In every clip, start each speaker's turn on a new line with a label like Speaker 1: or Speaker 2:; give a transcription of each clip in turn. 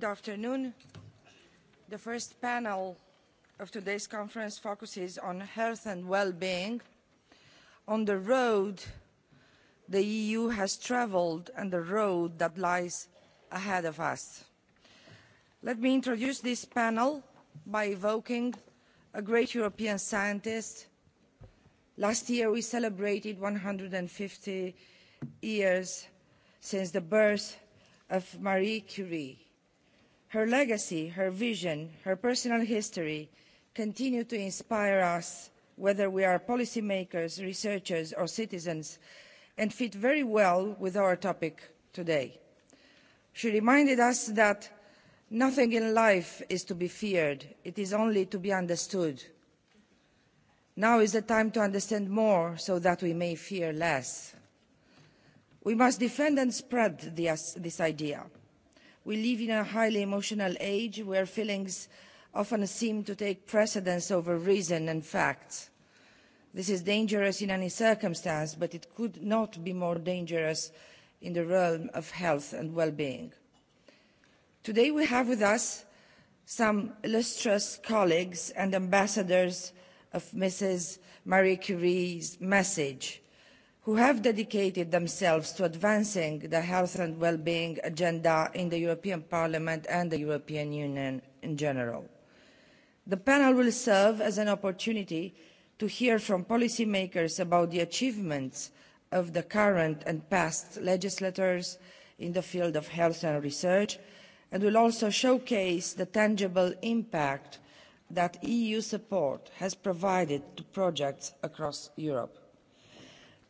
Speaker 1: Good afternoon. The first panel of today's conference focuses on health and well-being, on the road the EU has travelled and the road that lies ahead of us. Let me introduce this panel by evoking a great European scientist. Last year we celebrated 150 years since the birth of Marie Curie. Her legacy, her vision, her personal history continue to inspire us, whether we are policymakers, researchers or citizens, and fit very well with our topic today. She reminded us that nothing in life is to be feared, it is only to be understood. Now is the time to understand more so that we may fear less. We must defend and spread this, this idea. We live in a highly emotional age where feelings often seem to take precedence over reason and facts. This is dangerous in any circumstance, but it could not be more dangerous in the realm of health and well-being. Today we have with us some illustrious colleagues and ambassadors of Mrs. Marie Curie's message who have dedicated themselves to advancing the health and well-being agenda in the European Parliament and the European Union in general. The panel will serve as an opportunity to hear from policymakers about the achievements of the current and past legislators in the field of health and research, and will also showcase the tangible impact that EU support has provided to projects across Europe.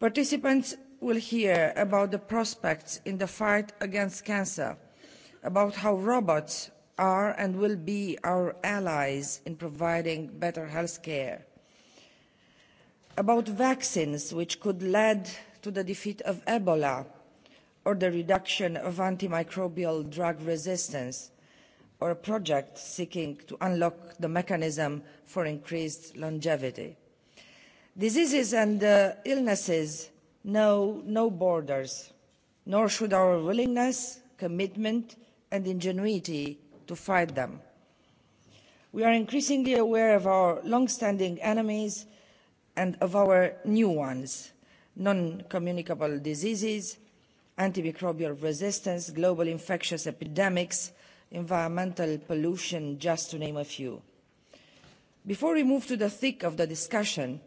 Speaker 1: Participants will hear about the prospects in the fight against cancer, about how robots are and will be our allies in providing better health care, about vaccines which could lead to the defeat of Ebola or the reduction of antimicrobial drug resistance, or a project seeking to unlock the mechanism for increased longevity. Diseases and uh, illnesses know no borders, nor should our willingness, commitment and ingenuity to fight them. We are increasingly aware of our long-standing enemies and of our new ones, non-communicable diseases, antimicrobial resistance, global infectious epidemics, environmental pollution, just to name a few. Before we move to the thick of the discussion,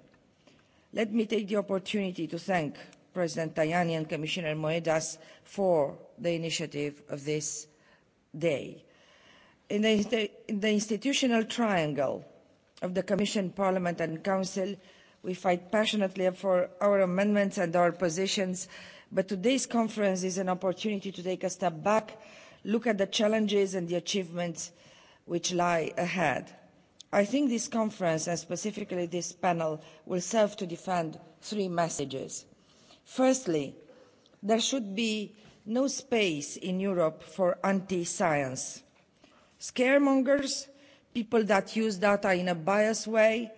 Speaker 1: Let me take the opportunity to thank President Tajani and Commissioner Moedas for the initiative of this day. In the, in the institutional triangle of the Commission, Parliament and Council, we fight passionately for our amendments and our positions, but today's conference is an opportunity to take a step back, look at the challenges and the achievements which lie ahead. I think this conference, and specifically this panel, will serve to defend three messages. Firstly, there should be no space in Europe for anti-science. Scaremongers, people that use data in a biased way,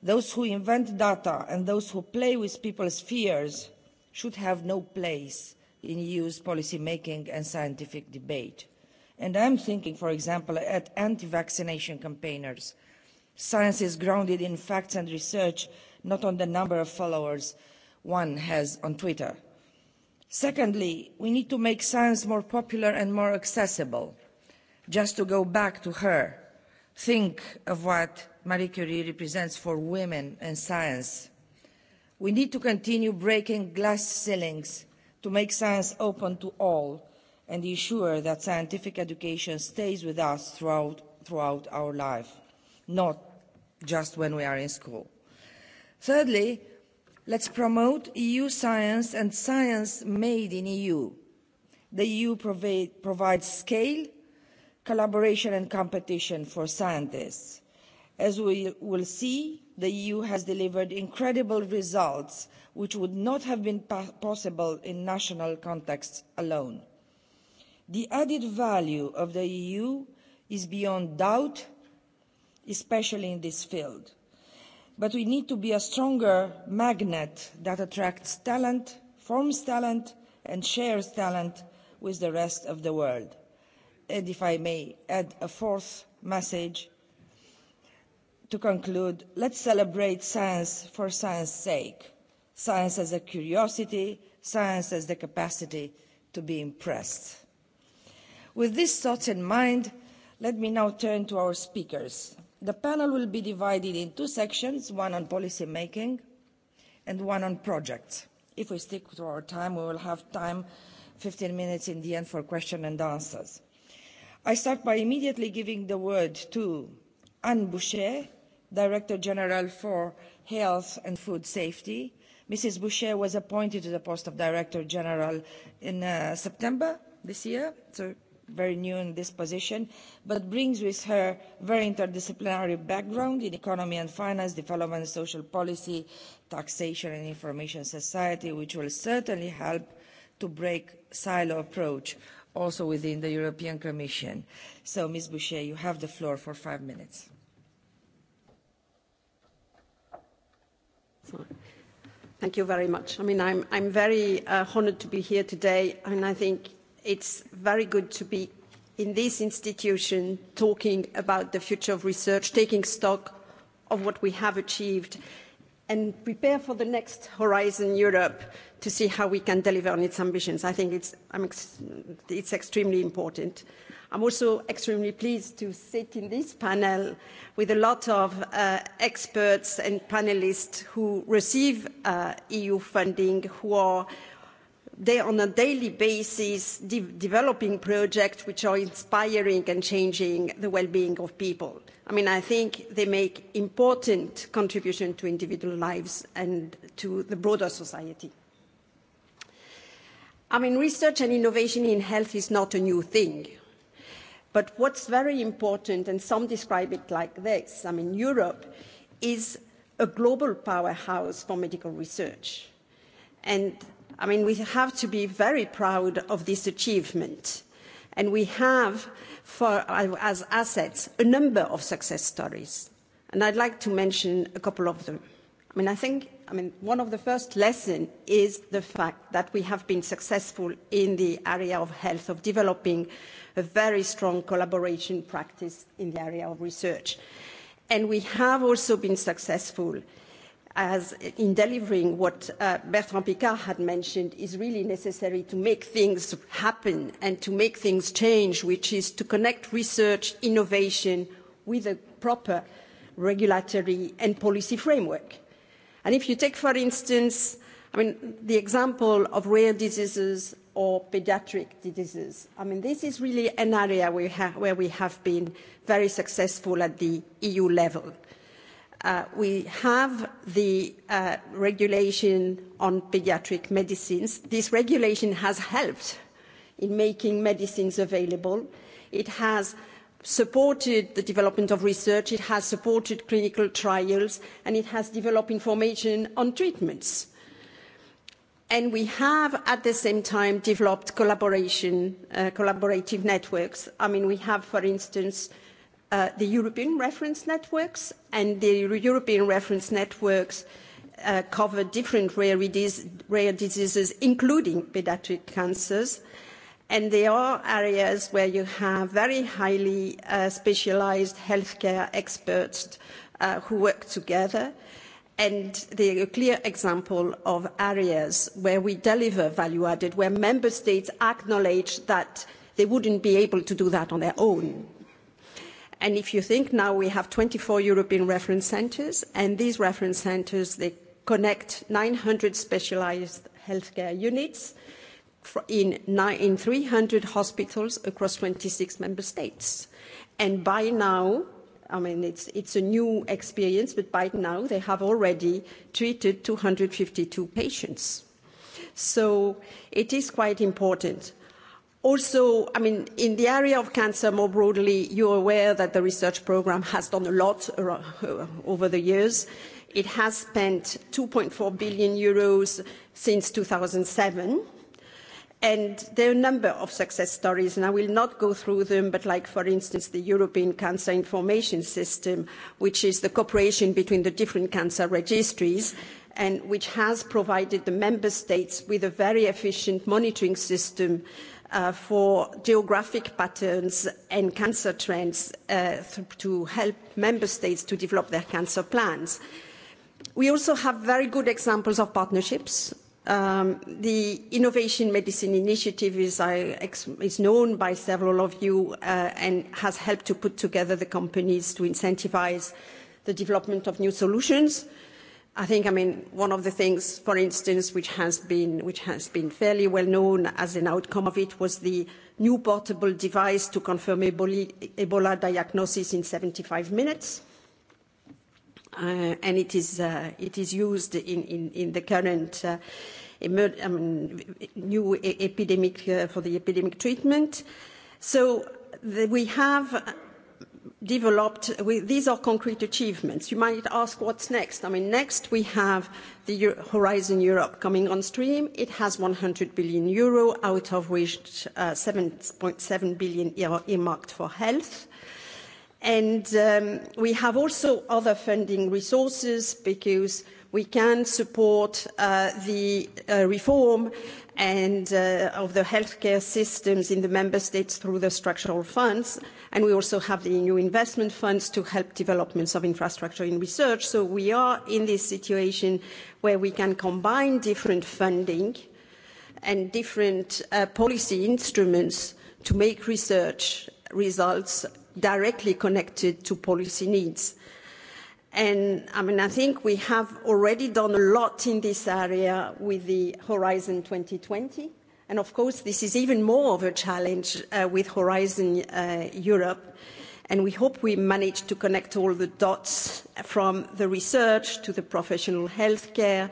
Speaker 1: those who invent data and those who play with people's fears should have no place in EU's policy making and scientific debate. And I'm thinking, for example, at anti-vaccination campaigners – Science is grounded in facts and research, not on the number of followers one has on Twitter. Secondly, we need to make science more popular and more accessible. Just to go back to her, think of what Marie Curie represents for women and science. We need to continue breaking glass ceilings to make science open to all and ensure that scientific education stays with us throughout, throughout our life, not just when we are in school. Thirdly, let's promote EU science and science made in EU. The EU provide, provides scale, collaboration and competition for scientists. As we will see, the EU has delivered incredible results which would not have been possible in national contexts alone. The added value of the EU is beyond doubt especially in this field. But we need to be a stronger magnet that attracts talent, forms talent, and shares talent with the rest of the world. And if I may add a fourth message to conclude, let's celebrate science for science's sake. Science as a curiosity, science as the capacity to be impressed. With these thoughts in mind, let me now turn to our speakers. The panel will be divided in two sections, one on policy making and one on projects. If we stick to our time, we will have time, 15 minutes in the end for question and answers. I start by immediately giving the word to Anne Boucher, Director General for Health and Food Safety. Mrs. Boucher was appointed to the post of Director General in uh, September this year, so very new in this position, but brings with her very interdisciplinary background in economy and finance, development, social policy, taxation and information society, which will certainly help to break silo approach also within the European Commission. So, Ms. Boucher, you have the floor for five minutes.
Speaker 2: Thank you very much. I mean, I'm, I'm very uh, honored to be here today, and I think it's very good to be in this institution talking about the future of research, taking stock of what we have achieved and prepare for the next Horizon Europe to see how we can deliver on its ambitions. I think it's, I'm ex it's extremely important. I'm also extremely pleased to sit in this panel with a lot of uh, experts and panelists who receive uh, EU funding, who are they on a daily basis de developing projects which are inspiring and changing the well-being of people. I mean, I think they make important contribution to individual lives and to the broader society. I mean, research and innovation in health is not a new thing. But what's very important, and some describe it like this, I mean, Europe is a global powerhouse for medical research. And I mean, we have to be very proud of this achievement. And we have, for, uh, as assets, a number of success stories. And I'd like to mention a couple of them. I mean, I think I mean, one of the first lessons is the fact that we have been successful in the area of health, of developing a very strong collaboration practice in the area of research. And we have also been successful as in delivering what uh, Bertrand Piccard had mentioned is really necessary to make things happen and to make things change, which is to connect research, innovation with a proper regulatory and policy framework. And if you take, for instance, I mean, the example of rare diseases or pediatric diseases, I mean, this is really an area we where we have been very successful at the EU level. Uh, we have the uh, regulation on pediatric medicines. This regulation has helped in making medicines available. It has supported the development of research, it has supported clinical trials, and it has developed information on treatments. And we have, at the same time, developed collaboration, uh, collaborative networks. I mean, we have, for instance, Uh, the European reference networks, and the European reference networks uh, cover different rare, rare diseases, including pediatric cancers. And there are areas where you have very highly uh, specialized healthcare experts uh, who work together. And they are a clear example of areas where we deliver value added, where member states acknowledge that they wouldn't be able to do that on their own And if you think now we have 24 European reference centres, and these reference centres, they connect 900 specialised healthcare units in, in 300 hospitals across 26 member states. And by now, I mean, it's, it's a new experience, but by now they have already treated 252 patients. So it is quite important Also, I mean, in the area of cancer more broadly, you're aware that the research programme has done a lot uh, over the years. It has spent 2.4 billion euros since 2007. And there are a number of success stories, and I will not go through them, but like, for instance, the European Cancer Information System, which is the cooperation between the different cancer registries, and which has provided the member states with a very efficient monitoring system uh, Uh, for geographic patterns and cancer trends uh, to help member states to develop their cancer plans. We also have very good examples of partnerships. Um, the Innovation Medicine Initiative is, I, is, known by several of you uh, and has helped to put together the companies to incentivize the development of new solutions. I think, I mean, one of the things, for instance, which has been, which has been fairly well known as an outcome of it was the new portable device to confirm Ebola diagnosis in 75 minutes. Uh, and it is, uh, it is used in, in, in the current uh, emer- new epidemic uh, for the epidemic treatment. So the, we have developed with, these are concrete achievements you might ask what's next i mean next we have the Euro horizon europe coming on stream it has 100 billion euro out of which 7.7 uh, billion are earmarked for health and um, we have also other funding resources because we can support uh, the uh, reform and uh, of the healthcare systems in the member states through the structural funds and we also have the new investment funds to help developments of infrastructure in research so we are in this situation where we can combine different funding and different uh, policy instruments to make research results directly connected to policy needs And I mean, I think we have already done a lot in this area with the Horizon 2020. And of course, this is even more of a challenge uh, with Horizon uh, Europe. And we hope we manage to connect all the dots from the research to the professional healthcare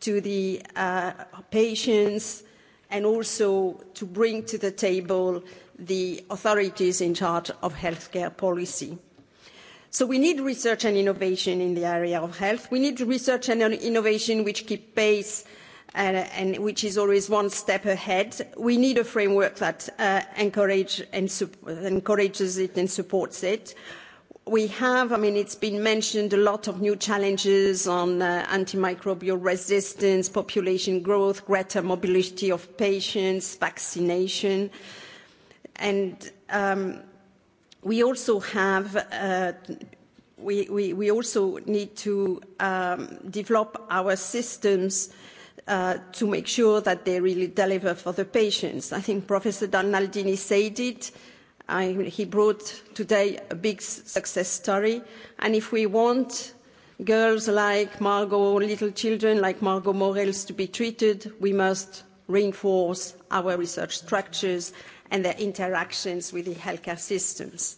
Speaker 2: to the uh, patients and also to bring to the table the authorities in charge of healthcare policy. So we need research and innovation in the area of health. We need research and innovation which keep pace uh, and which is always one step ahead. We need a framework that uh, encourage and encourages it and supports it. We have, I mean, it's been mentioned a lot of new challenges on uh, antimicrobial resistance, population growth, greater mobility of patients, vaccination. And um, We also have uh, we, we, we also need to um, develop our systems uh, to make sure that they really deliver for the patients. I think Professor Donaldini said it. I, he brought today a big success story. And if we want girls like Margot, little children like Margot Morels to be treated, we must reinforce our research structures and their interactions with the healthcare systems.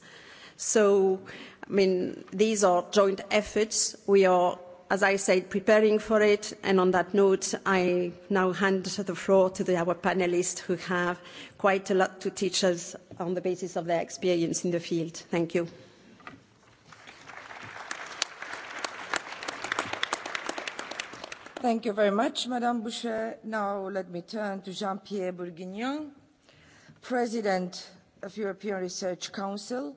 Speaker 2: So, I mean, these are joint efforts. We are, as I said, preparing for it. And on that note, I now hand the floor to the, our panelists who have quite a lot to teach us on the basis of their experience in the field. Thank you. Thank you very much, Madame Boucher.
Speaker 1: Now let me turn to Jean-Pierre Bourguignon President of the European Research Council.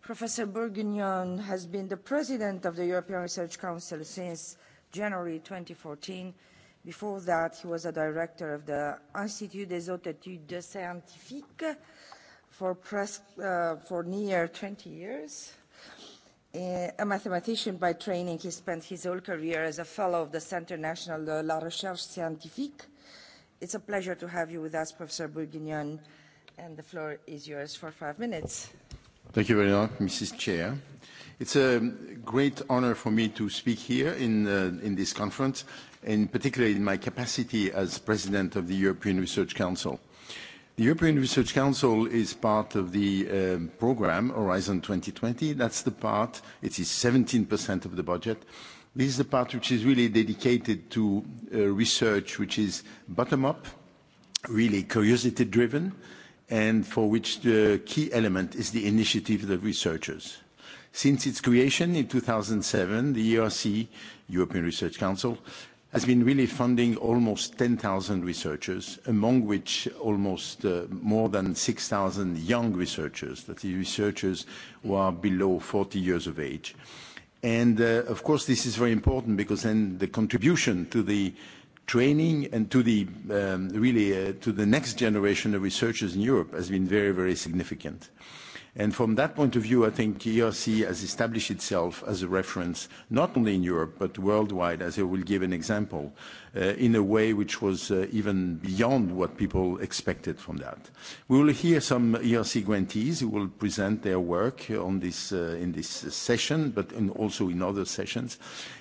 Speaker 1: Professor Bourguignon has been the President of the European Research Council since January two thousand and fourteen Before that, he was a director of the Institut des Hautes Études Scientifiques for, pres uh, for near twenty years. a mathematician by training, he spent his whole career as a fellow of the Centre National de la Recherche Scientifique. It's a pleasure to have you with us, Professor Bourguignon and the floor is yours for five minutes.
Speaker 3: Thank you very much, Mrs. Chair. It's a great honor for me to speak here in, uh, in this conference, and particularly in my capacity as President of the European Research Council. The European Research Council is part of the uh, program Horizon 2020. That's the part, it is 17% of the budget. This is the part which is really dedicated to uh, research which is bottom-up, really curiosity-driven, and for which the key element is the initiative of researchers. Since its creation in 2007, the ERC, European Research Council, has been really funding almost 10,000 researchers, among which almost uh, more than 6,000 young researchers, that is researchers who are below 40 years of age. And uh, of course, this is very important because then the contribution to the training and to the um, really uh, to the next generation of researchers in Europe has been very very significant. And from that point of view, I think ERC has established itself as a reference, not only in Europe, but worldwide, as I will give an example. Uh, in a way which was uh, even beyond what people expected from that. We will hear some ERC grantees who will present their work on this uh, in this session, but in also in other sessions.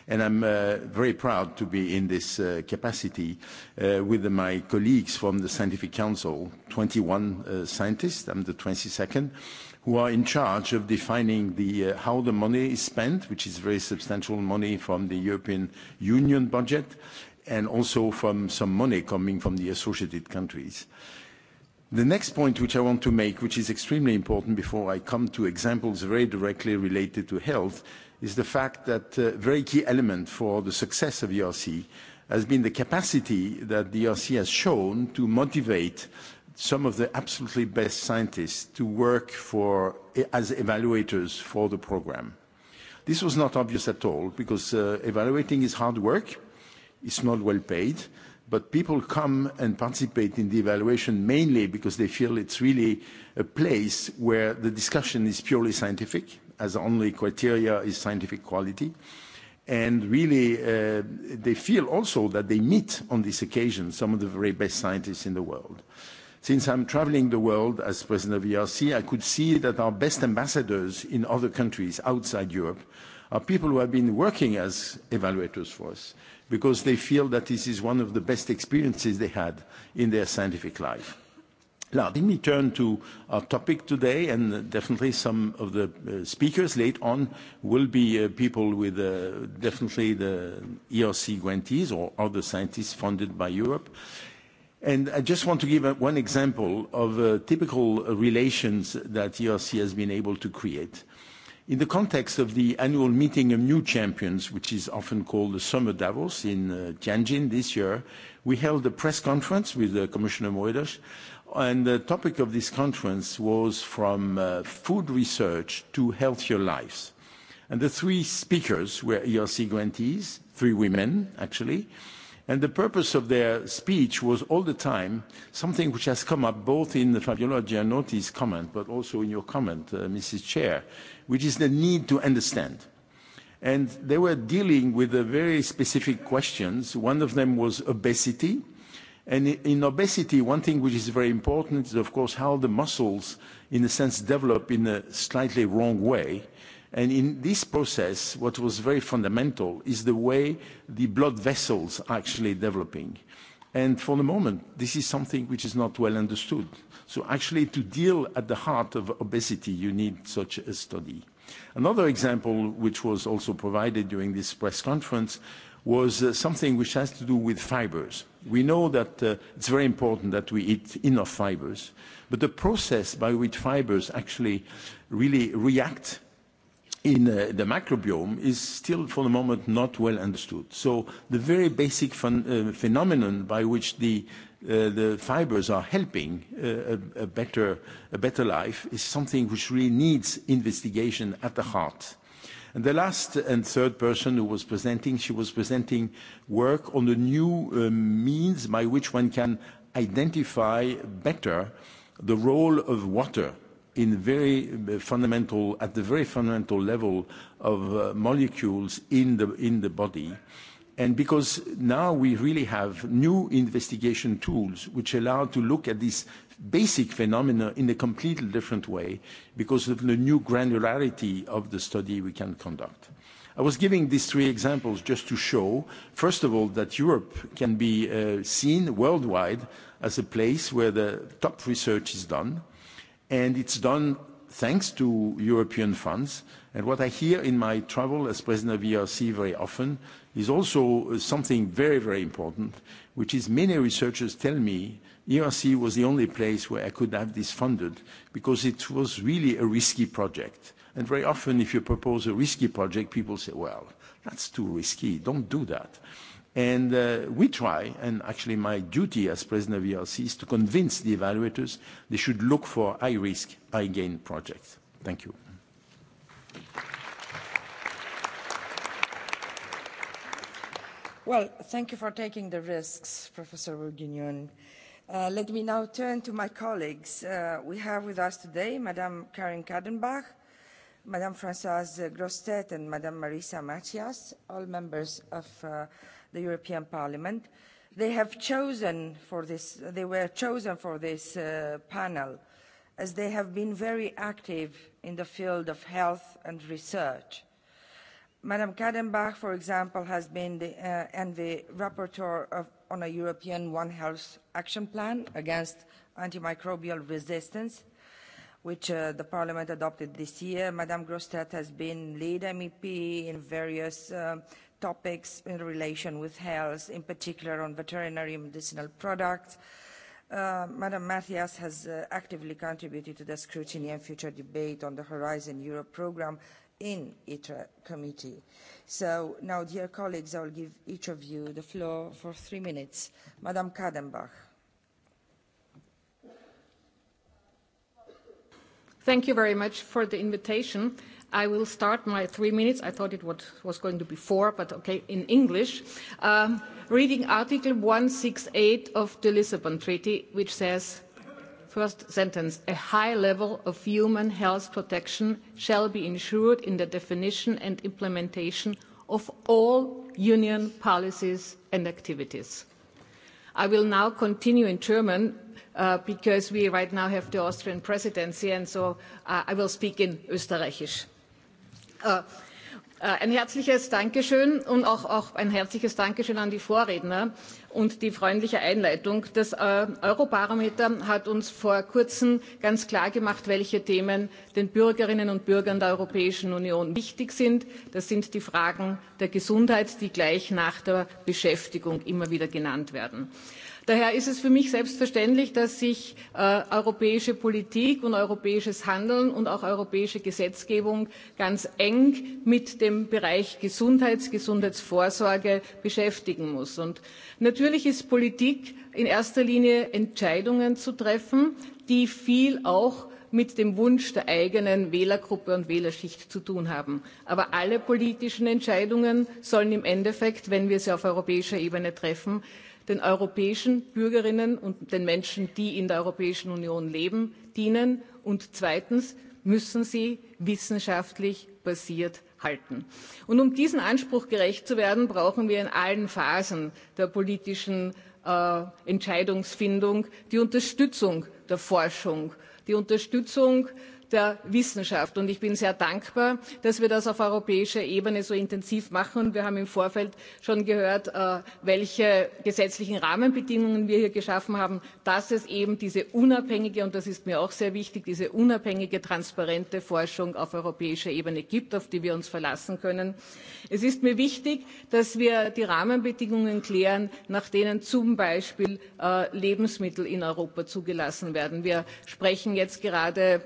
Speaker 3: And I'm very proud to be in this capacity with my colleagues from the Scientific Council, 21 scientists, I'm the 22nd, who are in charge of defining the, how the money is spent, which is very substantial money from the European Union budget, and also from some money coming from the associated countries. The next point which I want to make, which is extremely important before I come to examples very directly related to health, is the fact that a uh, very key element for the success of ERC has been the capacity that the ERC has shown to motivate some of the absolutely best scientists to work for, eh, as evaluators for the program. This was not obvious at all because uh, evaluating is hard work It's not well paid, but people come and participate in the evaluation mainly because they feel it's really a place where the discussion is purely scientific, as the only criteria is scientific quality. And really, uh, they feel also that they meet on this occasion some of the very best scientists in the world. Since I'm traveling the world as president of ERC, I could see that our best ambassadors in other countries outside Europe are people who have been working as evaluators for us because they feel that this is one of the best experiences they had in their scientific life. Now, let me turn to our topic today, and definitely some of the uh, speakers late on will be uh, people with uh, definitely the ERC grantees or other scientists funded by Europe. And I just want to give uh, one example of uh, typical relations that ERC has been able to create. Uh, In the context of the annual meeting of new champions, which is often called the Summer Davos in uh, Tianjin this year, we held a press conference with uh, Commissioner Moedas, and the topic of this conference was from uh, food research to healthier lives. the three speakers were ERC grantees, three women actually, And the purpose of their speech was all the time something which has come up both in Fabiola Gianotti's comment, but also in your comment, uh, Mrs. Chair, which is the need to understand. And they were dealing with the very specific questions. One of them was obesity. And in obesity, one thing which is very important is, of course, how the muscles, in a sense, develop in a slightly wrong way And in this process, what was very fundamental is the way the blood vessels are actually developing. And for the moment, this is something which is not well understood. So actually, to deal at the heart of obesity, you need such a study. Another example, which was also provided during this press conference, was uh, something which has to do with fibers. We know that uh, it's very important that we eat enough fibers, but the process by which fibers actually really react in uh, the microbiome is still for the moment not well understood. So the very basic fun, uh, phenomenon by which the, uh, the fibers are helping uh, a, a, better, a better life is something which really needs investigation at the heart. And the last and third person who was presenting, she was presenting work on the new uh, means by which one can identify better the role of water in very uh, fundamental, at the very fundamental level of uh, molecules in the, in the body. And because now we really have new investigation tools which allow to look at this basic phenomena in a completely different way because of the new granularity of the study we can conduct. I was giving these three examples just to show, first of all, that Europe can be uh, seen worldwide as a place where the top research is done, and it's done thanks to European funds. And what I hear in my travel as president of ERC very often is also something very, very important, which is many researchers tell me ERC was the only place where I could have this funded because it was really a risky project. And very often if you propose a risky project, people say, well, that's too risky, don't do that. And uh, we try, and actually my duty as president of ERC is to convince the evaluators they should look for high-risk, high-gain projects. Thank you.
Speaker 1: Well, thank you for taking the risks, Professor Bourguignon. Uh, let me now turn to my colleagues. Uh, we have with us today Madame Karin Kadenbach, Madame Françoise Grostet, and Madame Marisa Matias, all members of the European Parliament. They have chosen for this, they were chosen for this uh, panel as they have been very active in the field of health and research. Madam Kadenbach, for example, has been the, uh, and the rapporteur of, on a European One Health Action Plan against antimicrobial resistance, which uh, the Parliament adopted this year. Madame Grostet has been lead MEP in various uh, topics in relation with health, in particular on veterinary medicinal products. Uh, Madam Mathias has uh, actively contributed to the scrutiny and future debate on the Horizon Europe programme in ITRA committee. So now, dear colleagues, I will give each of you the floor for three minutes. Madam Kadenbach.
Speaker 4: Thank you very much for the invitation. I will start my three minutes. I thought it was going to be four, but okay, in English. Um, reading Article 168 of the Lisbon Treaty, which says, first sentence, a high level of human health protection shall be ensured in the definition and implementation of all union policies and activities. I will now continue in German Uh, because we right now have the Austrian presidency, and so uh, I will speak in Österreichisch. Äh, äh, ein herzliches Dankeschön und auch, auch ein herzliches Dankeschön an die Vorredner und die freundliche Einleitung. Das äh, Eurobarometer hat uns vor kurzem ganz klar gemacht, welche Themen den Bürgerinnen und Bürgern der Europäischen Union wichtig sind. Das sind die Fragen der Gesundheit, die gleich nach der Beschäftigung immer wieder genannt werden daher ist es für mich selbstverständlich dass sich äh, europäische politik und europäisches handeln und auch europäische gesetzgebung ganz eng mit dem bereich gesundheit gesundheitsvorsorge beschäftigen muss. Und natürlich ist politik in erster linie entscheidungen zu treffen die viel auch mit dem Wunsch der eigenen Wählergruppe und Wählerschicht zu tun haben. Aber alle politischen Entscheidungen sollen im Endeffekt, wenn wir sie auf europäischer Ebene treffen, den europäischen Bürgerinnen und den Menschen, die in der Europäischen Union leben, dienen. Und zweitens müssen sie wissenschaftlich basiert halten. Und um diesem Anspruch gerecht zu werden, brauchen wir in allen Phasen der politischen äh, Entscheidungsfindung die Unterstützung der Forschung, die Unterstützung der Wissenschaft. Und ich bin sehr dankbar, dass wir das auf europäischer Ebene so intensiv machen. Und wir haben im Vorfeld schon gehört, äh, welche gesetzlichen Rahmenbedingungen wir hier geschaffen haben, dass es eben diese unabhängige, und das ist mir auch sehr wichtig, diese unabhängige, transparente Forschung auf europäischer Ebene gibt, auf die wir uns verlassen können. Es ist mir wichtig, dass wir die Rahmenbedingungen klären, nach denen zum Beispiel äh, Lebensmittel in Europa zugelassen werden. Wir sprechen jetzt gerade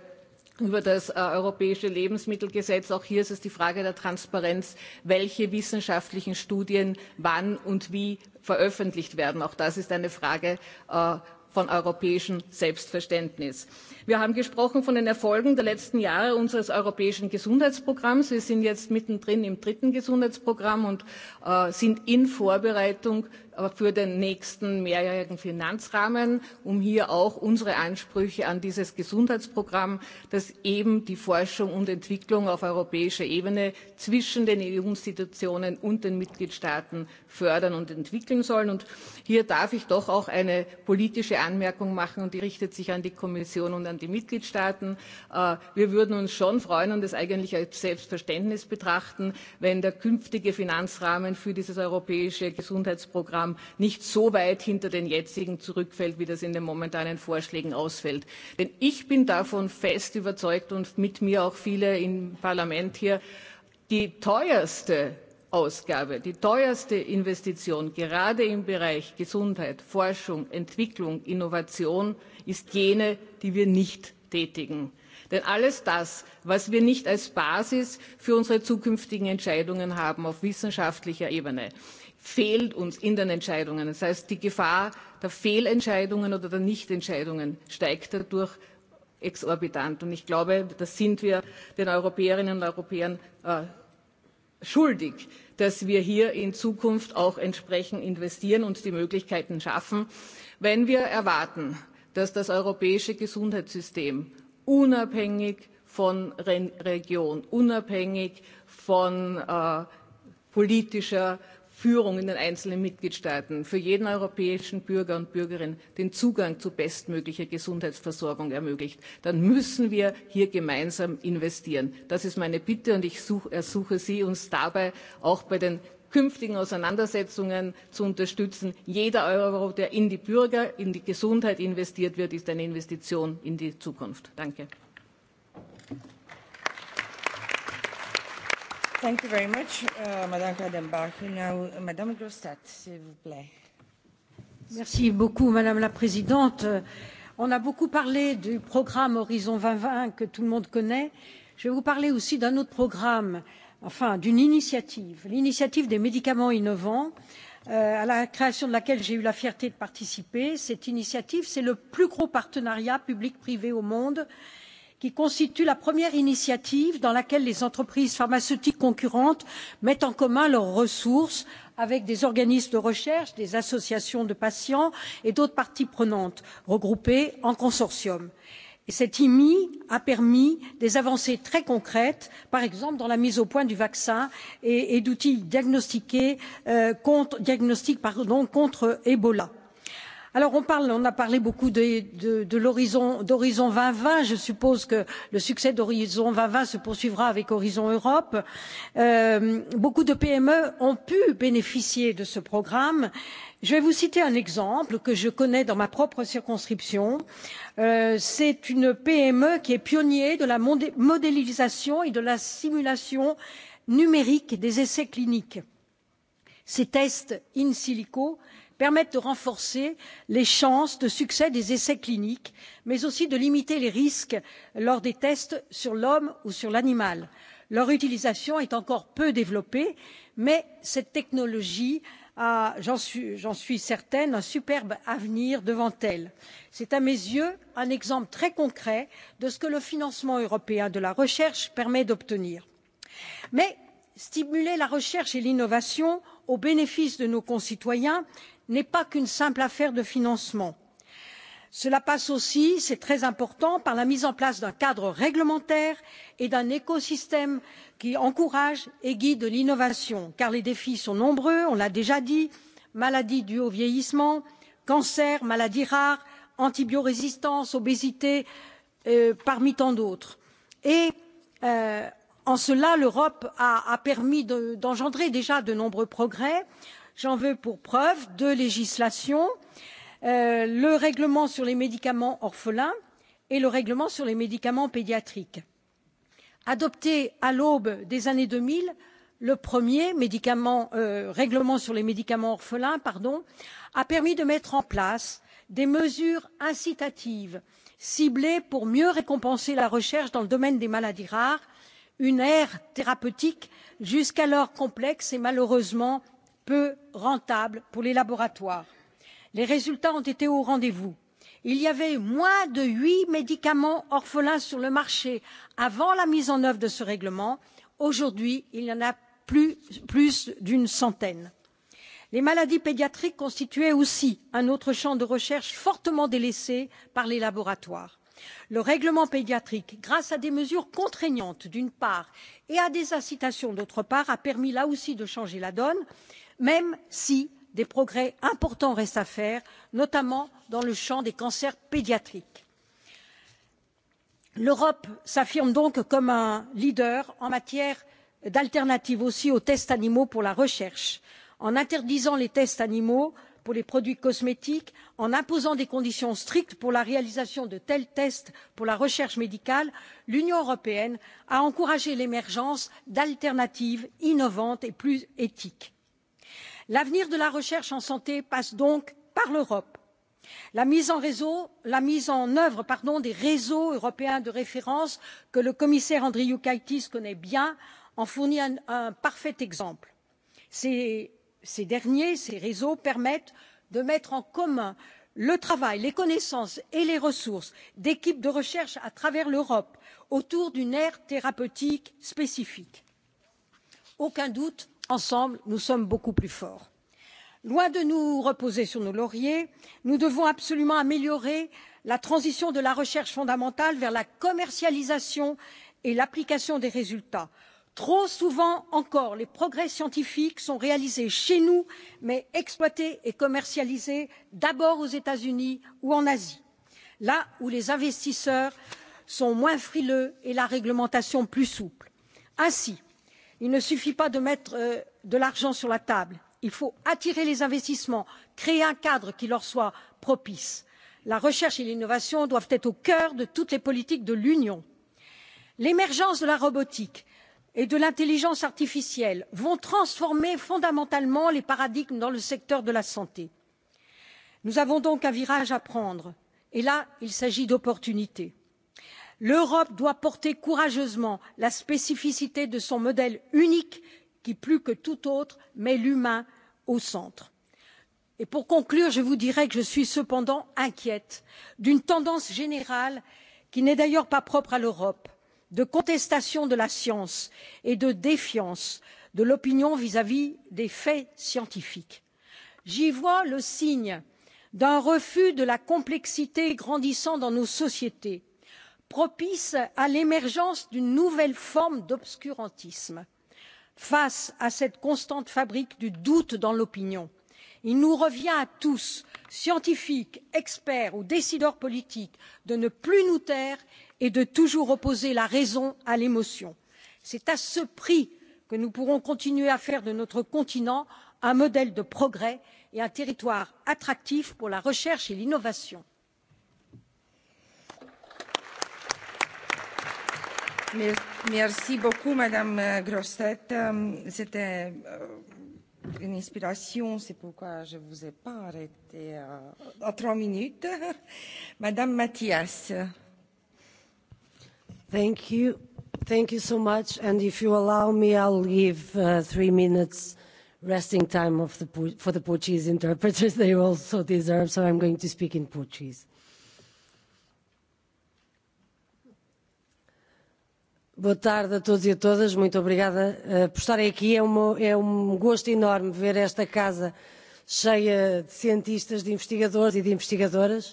Speaker 4: über das äh, europäische Lebensmittelgesetz. Auch hier ist es die Frage der Transparenz, welche wissenschaftlichen Studien wann und wie veröffentlicht werden. Auch das ist eine Frage äh, von europäischem Selbstverständnis. Wir haben gesprochen von den Erfolgen der letzten Jahre unseres europäischen Gesundheitsprogramms. Wir sind jetzt mittendrin im dritten Gesundheitsprogramm und äh, sind in Vorbereitung für den nächsten mehrjährigen Finanzrahmen, um hier auch unsere Ansprüche an dieses Gesundheitsprogramm, das eben die Forschung und Entwicklung auf europäischer Ebene zwischen den EU-Institutionen und den Mitgliedstaaten fördern und entwickeln soll. Und hier darf ich doch auch eine politische Anmerkung machen und die richtet sich an die Kommission und an die Mitgliedstaaten. Äh, wir würden uns schon freuen und es eigentlich als Selbstverständnis betrachten, wenn der künftige Finanzrahmen für dieses europäische Gesundheitsprogramm Haben, nicht so weit hinter den jetzigen zurückfällt, wie das in den momentanen Vorschlägen ausfällt. Denn ich bin davon fest überzeugt und mit mir auch viele im Parlament hier, die teuerste Ausgabe, die teuerste Investition gerade im Bereich Gesundheit, Forschung, Entwicklung, Innovation ist jene, die wir nicht tätigen. Denn alles das, was wir nicht als Basis für unsere zukünftigen Entscheidungen haben auf wissenschaftlicher Ebene, fehlt uns in den Entscheidungen. Das heißt, die Gefahr der Fehlentscheidungen oder der Nichtentscheidungen steigt dadurch exorbitant. Und ich glaube, das sind wir den Europäerinnen und Europäern äh, schuldig, dass wir hier in Zukunft auch entsprechend investieren und die Möglichkeiten schaffen. Wenn wir erwarten, dass das europäische Gesundheitssystem unabhängig von Re Region, unabhängig von äh, politischer Führung in den einzelnen Mitgliedstaaten für jeden europäischen Bürger und Bürgerin den Zugang zu bestmöglicher Gesundheitsversorgung ermöglicht, dann müssen wir hier gemeinsam investieren. Das ist meine Bitte und ich such, ersuche Sie, uns dabei auch bei den künftigen Auseinandersetzungen zu unterstützen. Jeder Euro, der in die Bürger, in die Gesundheit investiert wird, ist eine Investition in die Zukunft. Danke.
Speaker 1: Thank you very much, uh, Madame Kadenbach. Now, Madame Grostat, s'il vous plaît.
Speaker 5: Merci beaucoup, Madame la Présidente. On a beaucoup parlé du programme Horizon 2020 que tout le monde connaît. Je vais vous parler aussi d'un autre programme, enfin d'une initiative, l'initiative des médicaments innovants, euh, à la création de laquelle j'ai eu la fierté de participer. Cette initiative, c'est le plus gros partenariat public-privé au monde euh, qui constitue la première initiative dans laquelle les entreprises pharmaceutiques concurrentes mettent en commun leurs ressources avec des organismes de recherche des associations de patients et d'autres parties prenantes regroupées en consortium. cette imi a permis des avancées très concrètes par exemple dans la mise au point du vaccin et d'outils euh, diagnostics contre ebola. Alors on parle, on a parlé beaucoup de, de, de l'horizon d'horizon 2020. Je suppose que le succès d'horizon 2020 se poursuivra avec Horizon Europe. Euh, beaucoup de PME ont pu bénéficier de ce programme. Je vais vous citer un exemple que je connais dans ma propre circonscription. Euh, C'est une PME qui est pionnière de la modé modélisation et de la simulation numérique des essais cliniques. Ces tests in silico permettent de renforcer les chances de succès des essais cliniques mais aussi de limiter les risques lors des tests sur l'homme ou sur l'animal. leur utilisation est encore peu développée mais cette technologie a j'en suis certaine un superbe avenir devant elle. c'est à mes yeux un exemple très concret de ce que le financement européen de la recherche permet d'obtenir. mais stimuler la recherche et l'innovation au bénéfice de nos concitoyens n'est pas qu'une simple affaire de financement. cela passe aussi c'est très important par la mise en place d'un cadre réglementaire et d'un écosystème qui encourage et guide l'innovation car les défis sont nombreux on l'a déjà dit maladies dues au vieillissement cancers maladies rares antibiorésistance obésité euh, parmi tant d'autres. et euh, en cela l'europe a, a permis d'engendrer de, déjà de nombreux progrès j'en veux pour preuve deux législations euh, le règlement sur les médicaments orphelins et le règlement sur les médicaments pédiatriques. adopté à l'aube des années deux mille le premier euh, règlement sur les médicaments orphelins pardon, a permis de mettre en place des mesures incitatives ciblées pour mieux récompenser la recherche dans le domaine des maladies rares une aire thérapeutique jusqu'alors complexe et malheureusement peu rentable pour les laboratoires. les résultats ont été au rendez vous il y avait moins de huit médicaments orphelins sur le marché avant la mise en œuvre de ce règlement aujourd'hui il y en a plus, plus d'une centaine. les maladies pédiatriques constituaient aussi un autre champ de recherche fortement délaissé par les laboratoires. le règlement pédiatrique grâce à des mesures contraignantes d'une part et à des incitations d'autre part a permis là aussi de changer la donne même si des progrès importants restent à faire notamment dans le champ des cancers pédiatriques. l'europe s'affirme donc comme un leader en matière d'alternatives aussi aux tests animaux pour la recherche en interdisant les tests animaux pour les produits cosmétiques en imposant des conditions strictes pour la réalisation de tels tests pour la recherche médicale l'union européenne a encouragé l'émergence d'alternatives innovantes et plus éthiques l'avenir de la recherche en santé passe donc par l'europe. la mise en, réseau, la mise en œuvre pardon, des réseaux européens de référence que le commissaire andriukaitis connaît bien en fournit un, un parfait exemple. ces, ces derniers ces réseaux permettent de mettre en commun le travail les connaissances et les ressources d'équipes de recherche à travers l'europe autour d'une aire thérapeutique spécifique. aucun doute ensemble nous sommes beaucoup plus forts. loin de nous reposer sur nos lauriers nous devons absolument améliorer la transition de la recherche fondamentale vers la commercialisation et l'application des résultats. trop souvent encore les progrès scientifiques sont réalisés chez nous mais exploités et commercialisés d'abord aux états unis ou en asie là où les investisseurs sont moins frileux et la réglementation plus souple. ainsi il ne suffit pas de mettre euh, de l'argent sur la table il faut attirer les investissements créer un cadre qui leur soit propice. la recherche et l'innovation doivent être au cœur de toutes les politiques de l'union. l'émergence de la robotique et de l'intelligence artificielle vont transformer fondamentalement les paradigmes dans le secteur de la santé. nous avons donc un virage à prendre et là il s'agit d'opportunités l'europe doit porter courageusement la spécificité de son modèle unique qui plus que tout autre met l'humain au centre. Et pour conclure je vous dirai que je suis cependant inquiète d'une tendance générale qui n'est d'ailleurs pas propre à l'europe de contestation de la science et de défiance de l'opinion vis à vis des faits scientifiques. j'y vois le signe d'un refus de la complexité grandissant dans nos sociétés propice à l'émergence d'une nouvelle forme d'obscurantisme. face à cette constante fabrique du doute dans l'opinion il nous revient à tous scientifiques experts ou décideurs politiques de ne plus nous taire et de toujours opposer la raison à l'émotion. c'est à ce prix que nous pourrons continuer à faire de notre continent un modèle de progrès et un territoire attractif pour la recherche et l'innovation.
Speaker 1: Merci beaucoup, Madame euh, Grossette. C'était euh, une inspiration, c'est pourquoi je ne vous ai pas arrêté à, euh, à trois minutes. Madame Mathias.
Speaker 6: Thank you. Thank you so much. And if you allow me, I'll give uh, three minutes resting time of the, for the Portuguese interpreters. They also deserve, so I'm going to speak in Portuguese. Boa tarde a todos e a todas. Muito obrigada uh, por estarem aqui. É, uma, é um gosto enorme ver esta casa cheia de cientistas, de investigadores e de investigadoras.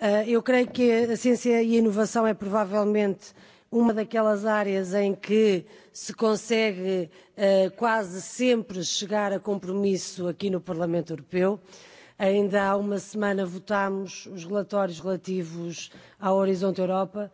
Speaker 6: Uh, eu creio que a ciência e a inovação é provavelmente uma daquelas áreas em que se consegue uh, quase sempre chegar a compromisso aqui no Parlamento Europeu. Ainda há uma semana votámos os relatórios relativos ao Horizonte Europa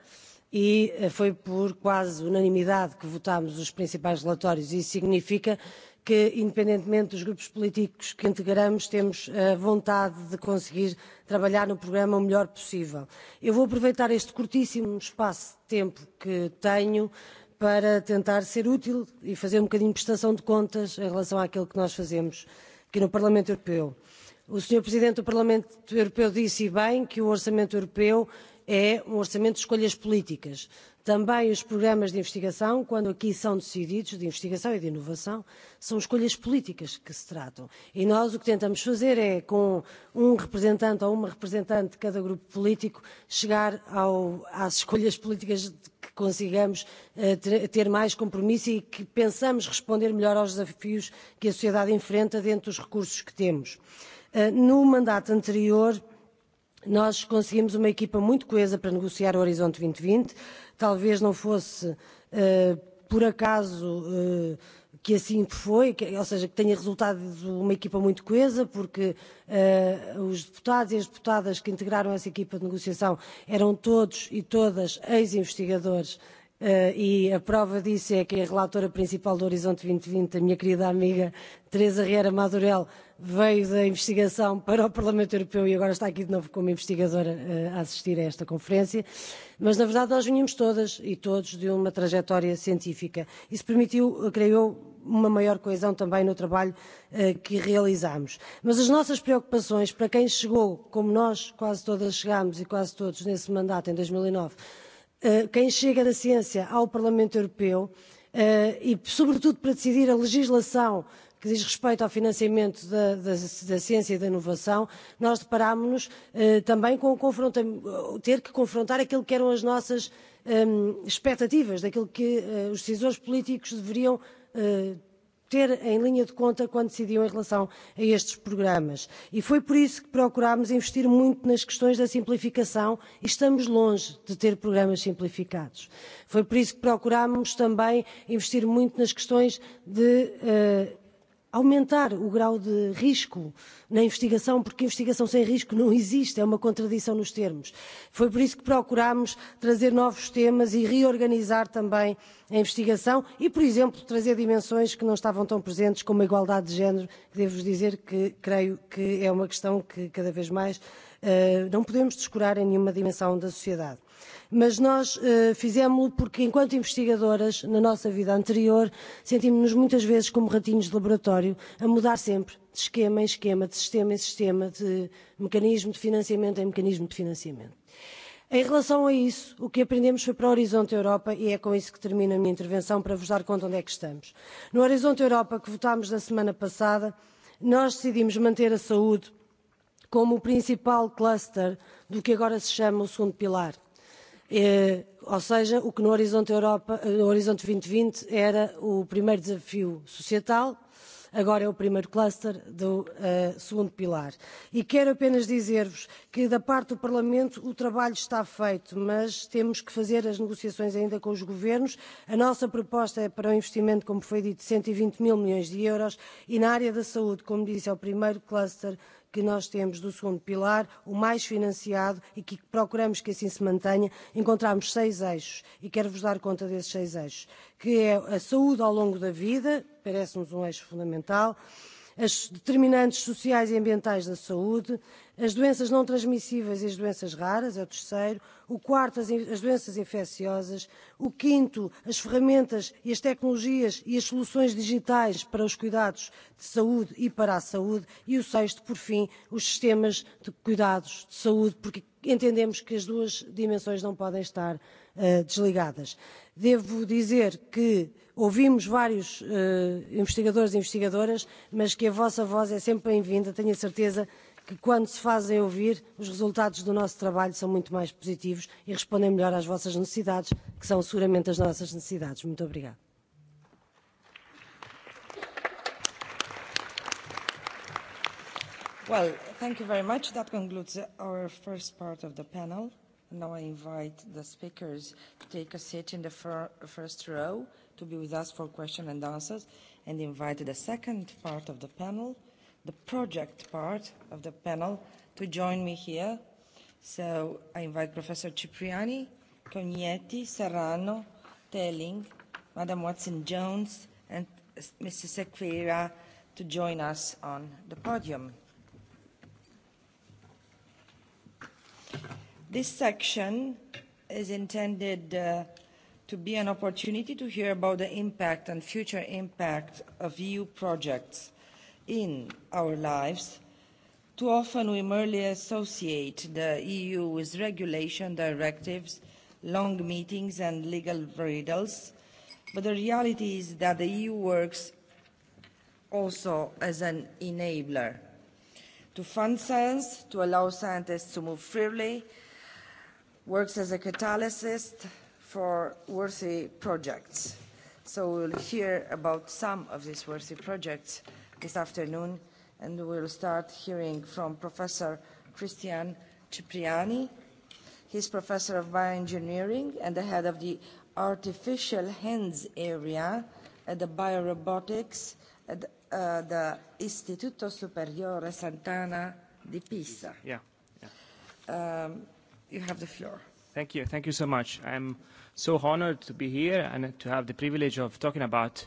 Speaker 6: e eh, foi por quase unanimidade que votámos os principais relatórios. Isso significa que, independentemente dos grupos políticos que integramos, temos a eh, vontade de conseguir trabalhar no programa o melhor possível. Eu vou aproveitar este curtíssimo espaço de tempo que tenho para tentar ser útil e fazer um bocadinho de prestação de contas em relação àquilo que nós fazemos aqui no Parlamento Europeu. O Sr. Presidente do Parlamento Europeu disse bem que o orçamento europeu é um orçamento de escolhas políticas. Também os programas de investigação, quando aqui são decididos, de investigação e de inovação, são escolhas políticas que se tratam. E nós o que tentamos fazer é, com um representante ou uma representante de cada grupo político, chegar ao, às escolhas políticas que consigamos uh, ter mais compromisso e que pensamos responder melhor aos desafios que a sociedade enfrenta dentro dos recursos que temos. Uh, no mandato anterior, uh, nós conseguimos uma equipa muito coesa para negociar o Horizonte 2020. Talvez não fosse uh, por acaso uh, que assim foi, que, ou seja, que tenha resultado uma equipa muito coesa, porque uh, os deputados e as deputadas que integraram essa equipa de negociação eram todos e todas ex-investigadores. Uh, e a prova disso é que a relatora principal do Horizonte 2020, a minha querida amiga Teresa Riera Madurel, veio da investigação para o Parlamento Europeu e agora está aqui de novo como investigadora eh, a assistir a esta conferência. Mas, na verdade, nós vinhamos todas e todos de uma trajetória científica. Isso permitiu, eh, creio uma maior coesão também no trabalho uh, que realizamos. Mas as nossas preocupações, para quem chegou, como nós quase todas chegámos e quase todos nesse mandato em 2009, uh, quem chega da ciência ao Parlamento Europeu, Uh, e sobretudo para decidir a legislação que diz respeito ao financiamento da, da, da ciência e da inovação, nós deparámos-nos eh, também com o ter que confrontar aquilo que eram as nossas eh, expectativas, daquilo que eh, os decisores políticos deveriam eh, ter em linha de conta quando decidiam em relação a estes programas. E foi por isso que procurámos investir muito nas questões da simplificação e estamos longe de ter programas simplificados. Foi por isso que procurámos também investir muito nas questões de uh, aumentar o grau de risco na investigação, porque investigação sem risco não existe, é uma contradição nos termos. Foi por isso que procurámos trazer novos temas e reorganizar também a investigação e, por exemplo, trazer dimensões que não estavam tão presentes, como a igualdade de género, que devo-vos dizer que creio que é uma questão que cada vez mais Eh, não podemos descurar em nenhuma dimensão da sociedade. Mas nós uh, fizemos-lo porque, enquanto investigadoras, na nossa vida anterior, sentimos-nos muitas vezes como ratinhos de laboratório, a mudar sempre de esquema em esquema, de sistema em sistema, de mecanismo de financiamento em mecanismo de financiamento. Em relação a isso, o que aprendemos foi para o Horizonte Europa e é com isso que termino a minha intervenção para vos dar conta onde é que estamos. No Horizonte Europa que votámos na semana passada, nós decidimos manter a saúde como o principal cluster do que agora se chama o segundo pilar. Eh, ou seja, o que no Horizonte, Europa, no Horizonte 2020 era o primeiro desafio societal, agora é o primeiro cluster do uh, segundo pilar. E quero apenas dizer-vos que, da parte do Parlamento, o trabalho está feito, mas temos que fazer as negociações ainda com os governos. A nossa proposta é para o um investimento, como foi dito, de 120 mil milhões de euros e na área da saúde, como disse, é o primeiro cluster que nós temos do segundo pilar, o mais financiado e que procuramos que assim se mantenha, encontramos seis eixos e quero-vos dar conta desses seis eixos, que é a saúde ao longo da vida, parece-nos um eixo fundamental, as determinantes sociais e ambientais da saúde, As doenças não transmissíveis e as doenças raras é o terceiro, o quarto as, as doenças infecciosas, o quinto as ferramentas e as tecnologias e as soluções digitais para os cuidados de saúde e para a saúde e o sexto, por fim, os sistemas de cuidados de saúde, porque entendemos que as duas dimensões não podem estar uh, desligadas. Devo dizer que ouvimos vários uh, investigadores e investigadoras, mas que a vossa voz é sempre bem-vinda, tenho a certeza que, quando se fazem ouvir, os resultados do nosso trabalho são muito mais positivos e respondem melhor às vossas necessidades, que são seguramente as nossas necessidades. Muito obrigada. Well, thank you very much. That concludes our first
Speaker 1: part of the panel. Now I invite the speakers to take a seat in the fir first row to be with us for question and answers and invite the second part of the panel the project part of the panel to join me here. So I invite Professor Cipriani, Cognetti, Serrano, Telling, Madam Watson-Jones, and Mrs. Sequeira to join us on the podium. This section is intended uh, to be an opportunity to hear about the impact and future impact of EU projects in our lives, too often we merely associate the EU with regulation, directives, long meetings and legal riddles, but the reality is that the EU works also as an enabler to fund science, to allow scientists to move freely, works as a catalyst for worthy projects. So we'll hear about some of these worthy projects this afternoon, and we will start hearing from Professor Christian Cipriani. He's professor of bioengineering and the head of the artificial hands area at the biorobotics at uh, the Istituto Superiore Santana di Pisa.
Speaker 7: Yeah. yeah.
Speaker 1: Um, you have the floor.
Speaker 7: Thank you. Thank you so much. I'm so honored to be here and to have the privilege of talking about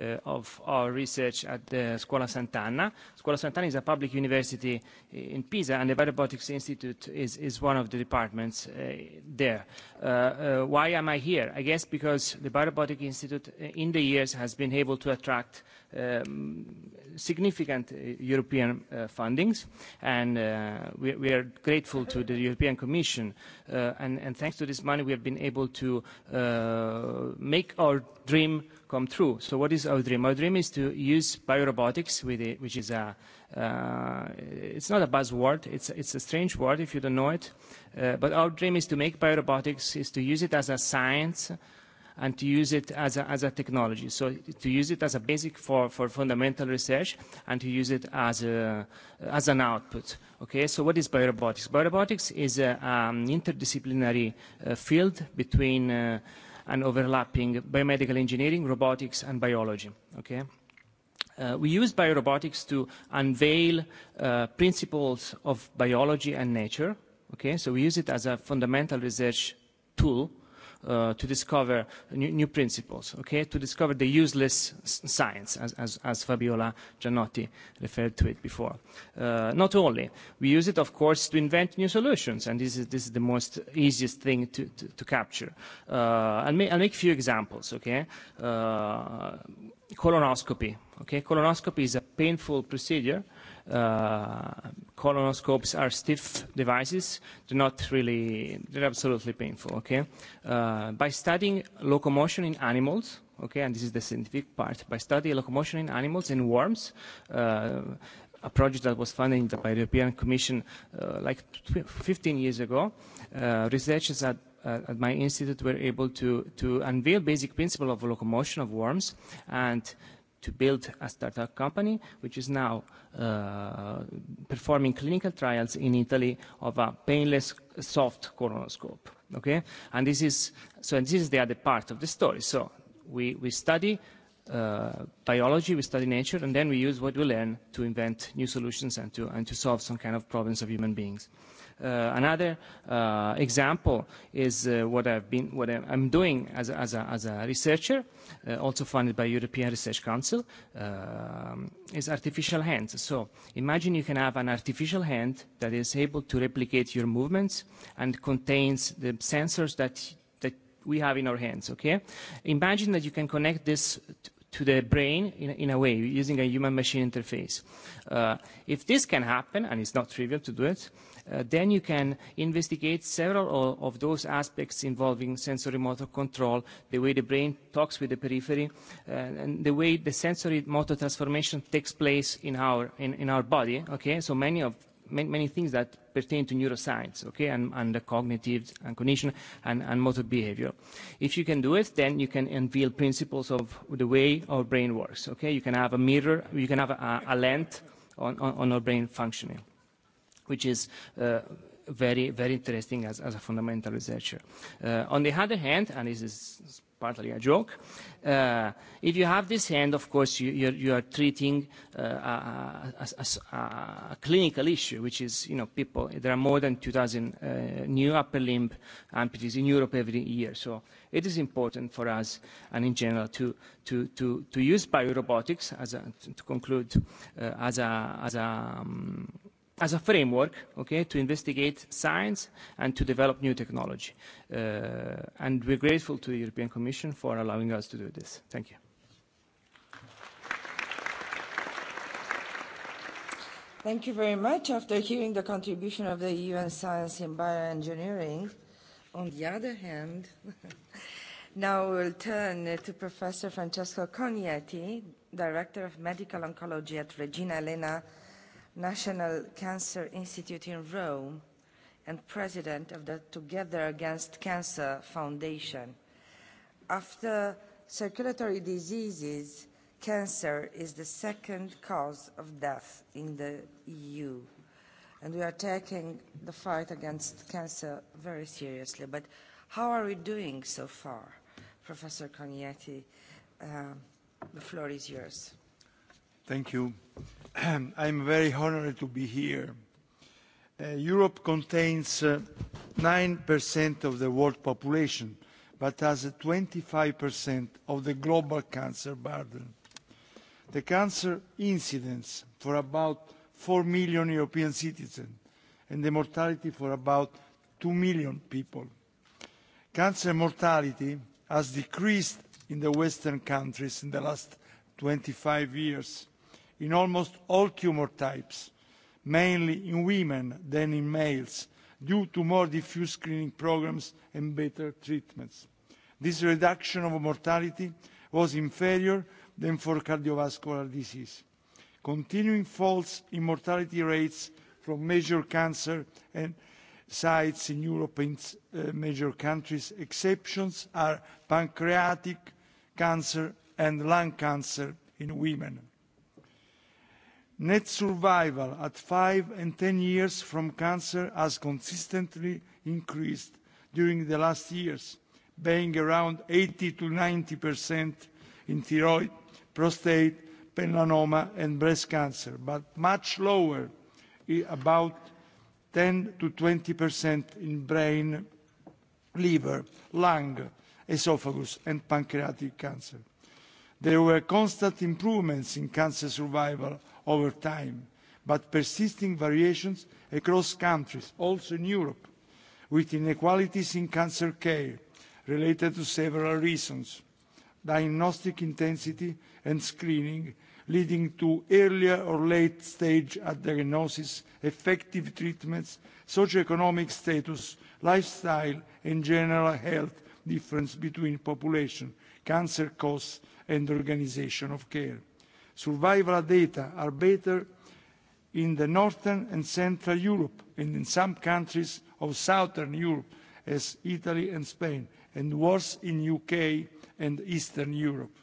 Speaker 7: uh, of our research at the Scuola Sant'Anna. Scuola Sant'Anna is a public university eh, in Pisa, and the Biorobotics Institute is, is one of the departments uh, there. Uh, uh, why am I here? I guess because the Biorobotics Institute in the years has been able to attract uh, Um, significant uh, European uh, fundings, and uh, we, we are grateful to the European Commission. Uh, and, and thanks to this money, we have been able to uh, make our dream come true. So what is our dream? Our dream is to use biorobotics, with it, which is a, uh, it's not a buzzword, it's, it's a strange word if you don't know it, uh, but our dream is to make biorobotics, is to use it as a science, uh, and to use it as a, as a technology. So to use it as a basic for, for fundamental research and to use it as, a, as an output. Okay, so what is biorobotics? Biorobotics is a, an um, interdisciplinary uh, field between uh, an overlapping biomedical engineering, robotics, and biology. Okay? Uh, we use biorobotics to unveil uh, principles of biology and nature. Okay? So we use it as a fundamental research tool uh, to discover new, new principles, okay? to discover the useless science, as, as, as Fabiola Giannotti referred to it before. Uh, not only. We use it, of course, to invent new solutions, and this is, this is the most easiest thing to, to, to capture. Uh, I'll, ma I'll make a few examples, okay? Uh, colonoscopy, okay? Colonoscopy is a painful procedure uh, uh, colonoscopes are stiff devices. They're not really, they're absolutely painful, okay? Uh, by studying locomotion in animals, okay, and this is the scientific part, by studying locomotion in animals and worms, uh, a project that was funded by the European Commission uh, like 15 years ago, uh, researchers at uh, at my institute were able to, to unveil basic principle of locomotion of worms and to build a startup company, which is now uh, performing clinical trials in Italy of a painless soft colonoscope. Okay, and this is so. And this is the other part of the story. So we we study. Uh, biology, we study nature, and then we use what we learn to invent new solutions and to, and to solve some kind of problems of human beings. Uh, Uh, another uh, example is uh, what I've been, what I'm doing as a, as a, as a researcher, uh, also funded by European Research Council, uh, is artificial hands. So imagine you can have an artificial hand that is able to replicate your movements and contains the sensors that that we have in our hands. Okay, imagine that you can connect this to the brain in, in a way using a human machine interface. Uh, if this can happen, and it's not trivial to do it, uh, Uh, then you can investigate several of those aspects involving sensory motor control, the way the brain talks with the periphery, uh, and the way the sensory motor transformation takes place in our, in, in our body. Okay, so many of many, many things that pertain to neuroscience, okay, and, and the cognitive and cognition and, and motor behavior. If you can do it, then you can unveil principles of the way our brain works, okay? You can have a mirror, you can have a, a lens on, on, on our brain functioning which is uh, very, very interesting as, as a fundamental researcher. Uh, on the other hand, and this is partly a joke, uh, if you have this hand, of course, you, you're, you are treating uh, a, a, a, a clinical issue, which is, you know, people, there are more than 2,000 uh, new upper limb amputees in Europe every year. So it is important for us and in general to, to, to, to use biorobotics, as a, to conclude, uh, as a, as a um, as a framework okay, to investigate science and to develop new technology. Uh, and we're grateful to the European Commission for allowing us to do this. Thank you.
Speaker 1: Thank you very much. After hearing the contribution of the EU and science in bioengineering, on the other hand, now we'll turn to Professor Francesco Cognetti, Director of Medical Oncology at Regina Elena National Cancer Institute in Rome and president of the Together Against Cancer Foundation. After circulatory diseases, cancer is the second cause of death in the EU. And we are taking the fight against cancer very seriously. But how are we doing so far? Professor Cognetti, uh, the floor is yours.
Speaker 8: Thank you. I'm very honored to be here. Uh, Europe contains uh, 9% of the world population, but has 25% of the global cancer burden. The cancer incidence for about 4 million European citizens and the mortality for about 2 million people. Cancer mortality has decreased in the Western countries in the last 25 years in almost all tumour types, mainly in women than in males, due to more diffuse screening programmes and better treatments. This reduction of mortality was inferior than for cardiovascular disease. Continuing falls in mortality rates from major cancer and sites in Europe and uh, major countries. Exceptions are pancreatic cancer and lung cancer in women net survival at five and ten years from cancer has consistently increased during the last years, being around 80 to 90% in thyroid, prostate, melanoma, and breast cancer, but much lower, about 10 to 20% in brain, liver, lung, esophagus, and pancreatic cancer. There were constant improvements in cancer survival over time, but persisting variations across countries, also in Europe, with inequalities in cancer care related to several reasons, diagnostic intensity and screening, leading to earlier or late stage diagnosis, effective treatments, socioeconomic status, lifestyle and general health difference between population, cancer costs and organisation of care survival data are better in the northern and central Europe and in some countries of southern Europe as Italy and Spain, and worse in UK and eastern Europe.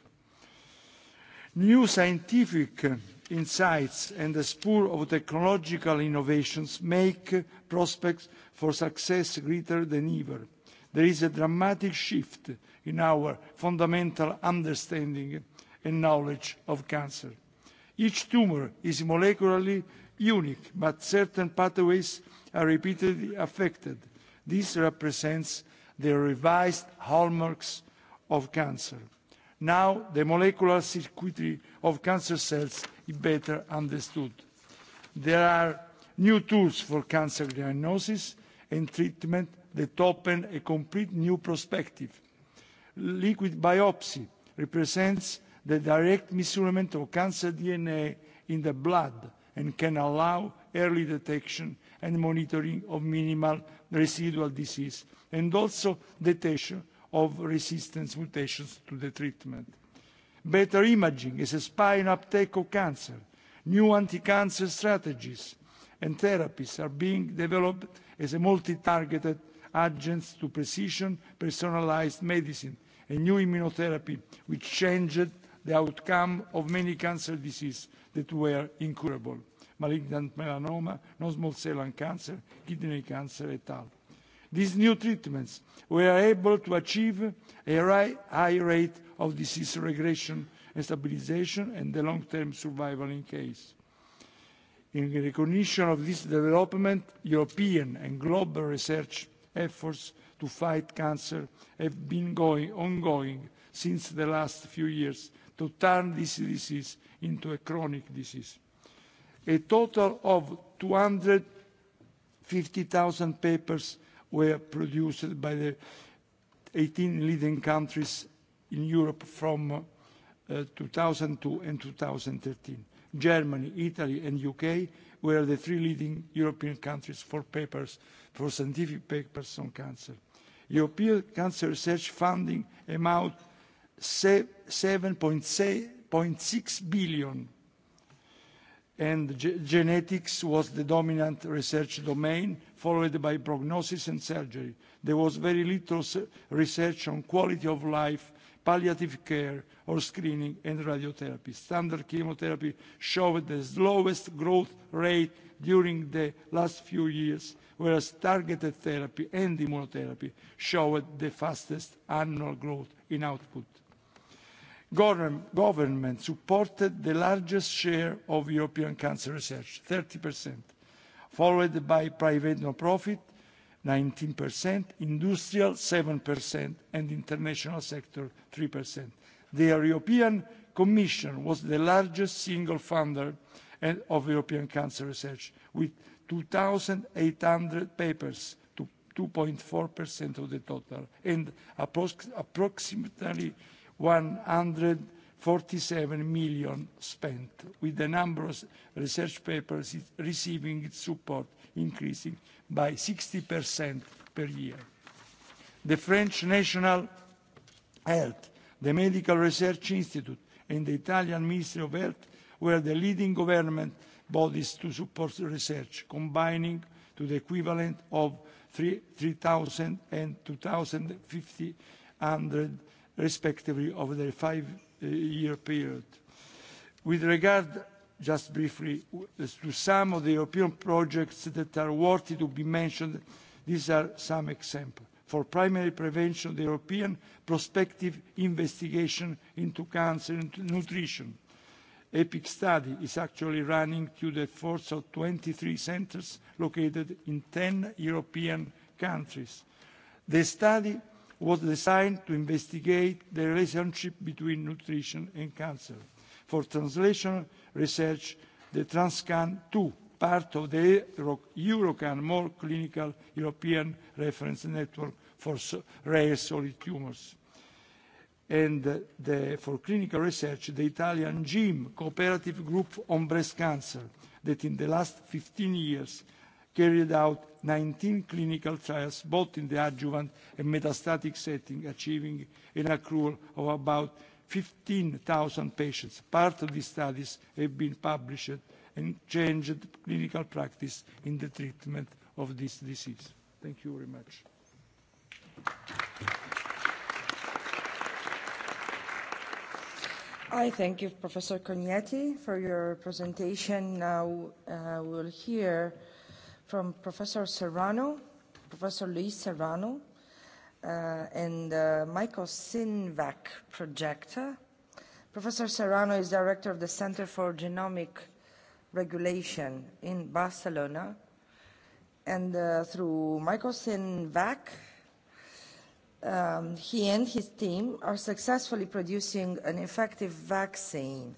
Speaker 8: New scientific insights and the spur of technological innovations make prospects for success greater than ever. There is a dramatic shift in our fundamental understanding and knowledge of cancer. Each tumor is molecularly unique, but certain pathways are repeatedly affected. This represents the revised hallmarks of cancer. Now, the molecular circuitry of cancer cells is better understood. There are new tools for cancer diagnosis and treatment that open a complete new perspective. Liquid biopsy represents the direct measurement of cancer DNA in the blood and can allow early detection and monitoring of minimal residual disease and also detection of resistance mutations to the treatment. Better imaging is a spine uptake of cancer. New anti-cancer strategies and therapies are being developed as a multi-targeted agents to precision personalized medicine, a new immunotherapy which changed the outcome of many cancer diseases that were incurable, malignant melanoma, non-small cell lung cancer, kidney cancer, et al. These new treatments were able to achieve a high rate of disease regression and stabilization and the long-term survival in case. In recognition of this development, European and global research efforts to fight cancer have been going, ongoing since the last few years to turn this disease into a chronic disease. A total of 250,000 papers were produced by the 18 leading countries in Europe from uh, 2002 and 2013. Germany, Italy, and U.K. were the three leading European countries for papers, for scientific papers on cancer. European cancer research funding amount 7.6 billion. And genetics was the dominant research domain, followed by prognosis and surgery. There was very little research on quality of life, palliative care, or screening and radiotherapy. Standard chemotherapy showed the slowest growth rate during the last few years, whereas targeted therapy and immunotherapy showed the fastest annual growth in output government supported the largest share of European cancer research, 30%, followed by private non-profit, 19%, industrial, 7%, and international sector, 3%. The European Commission was the largest single funder eh, of European cancer research, with 2,800 papers, 2.4% of the total, and approximately 147 million spent, with the number of research papers receiving its support increasing by 60% per year. The French National Health, the Medical Research Institute, and the Italian Ministry of Health were the leading government bodies to support research, combining to the equivalent of 3,000 and 2,500 respectively, over the five-year period. With regard, just briefly, to some of the European projects that are worthy to be mentioned, these are some examples. For primary prevention, the European prospective investigation into cancer and nutrition. EPIC study is actually running through the efforts of 23 centres located in 10 European countries. The study was designed to investigate the relationship between nutrition and cancer. For translation research, the TransCan2, part of the EuroCan, more clinical European reference network for rare solid tumors. And the, for clinical research, the Italian GIM, Cooperative Group on Breast Cancer, that in the last 15 years carried out 19 clinical trials, both in the adjuvant and metastatic setting, achieving an accrual of about 15,000 patients. Part of these studies have been published and changed clinical practice in the treatment of this disease. Thank you very much.
Speaker 1: I thank you, Professor Cognetti, for your presentation. Now, uh, we'll hear from Professor Serrano, Professor Luis Serrano, uh, and uh, Michael Sinvac projector. Professor Serrano is director of the Center for Genomic Regulation in Barcelona, and uh, through Michael Sinvac, um, he and his team are successfully producing an effective vaccine